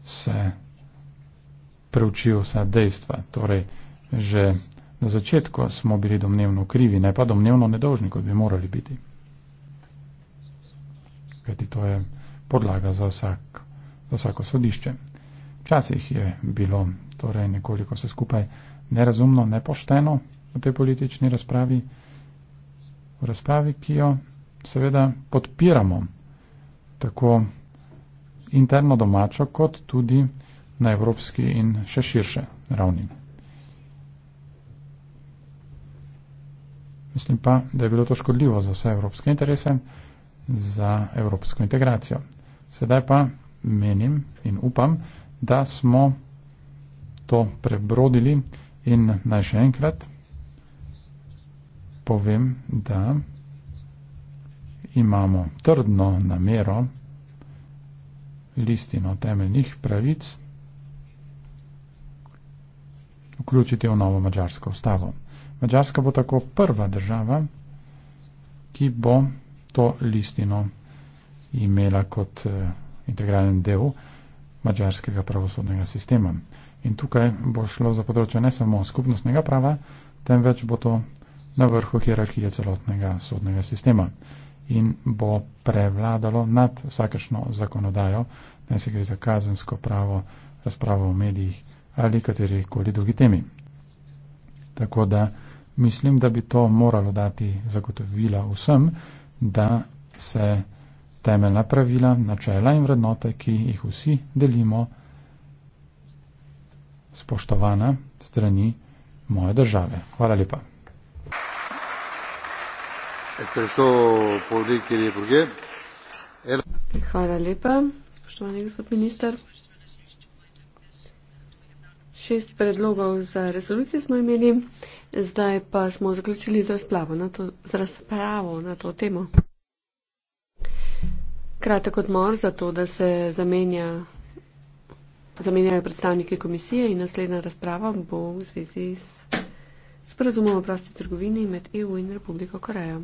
se preučijo vsa dejstva. Torej, že na začetku smo bili domnevno krivi, ne pa domnevno nedolžni, kot bi morali biti. Kajti to je podlaga za, vsak, za vsako sodišče. Včasih je bilo torej nekoliko se skupaj nerazumno, nepošteno v tej politični razpravi, v razpravi, ki jo seveda podpiramo tako interno domačo, kot tudi na evropski in še širše ravni. Mislim pa, da je bilo to škodljivo za vse evropske interese, za evropsko integracijo. Sedaj pa menim in upam, da smo to prebrodili in naj še enkrat povem, da imamo trdno namero listino temeljnih pravic vključiti v novo mačarsko ustavo. Mačarska bo tako prva država, ki bo to listino imela kot eh, integralen del mačarskega pravosodnega sistema. In tukaj bo šlo za področje ne samo skupnostnega prava, temveč bo to na vrhu hierarhije celotnega sodnega sistema in bo prevladalo nad vsakešno zakonodajo, ne se gre za kazensko pravo, razpravo v medijih ali kateri koli drugi temi. Tako da mislim, da bi to moralo dati zagotovila vsem, da se temeljna pravila, načela in vrednote, ki jih vsi delimo, spoštovana strani moje države. Hvala lepa. Hvala lepa, spoštovani gospod minister. Šest predlogov za resolucije smo imeli, zdaj pa smo zaključili z razpravo na to, z razpravo na to temo. Kratek odmor za to, da se zamenja, zamenjajo predstavniki komisije in naslednja razprava bo v zvezi s sporazumom o prosti trgovini med EU in Republiko Korejo.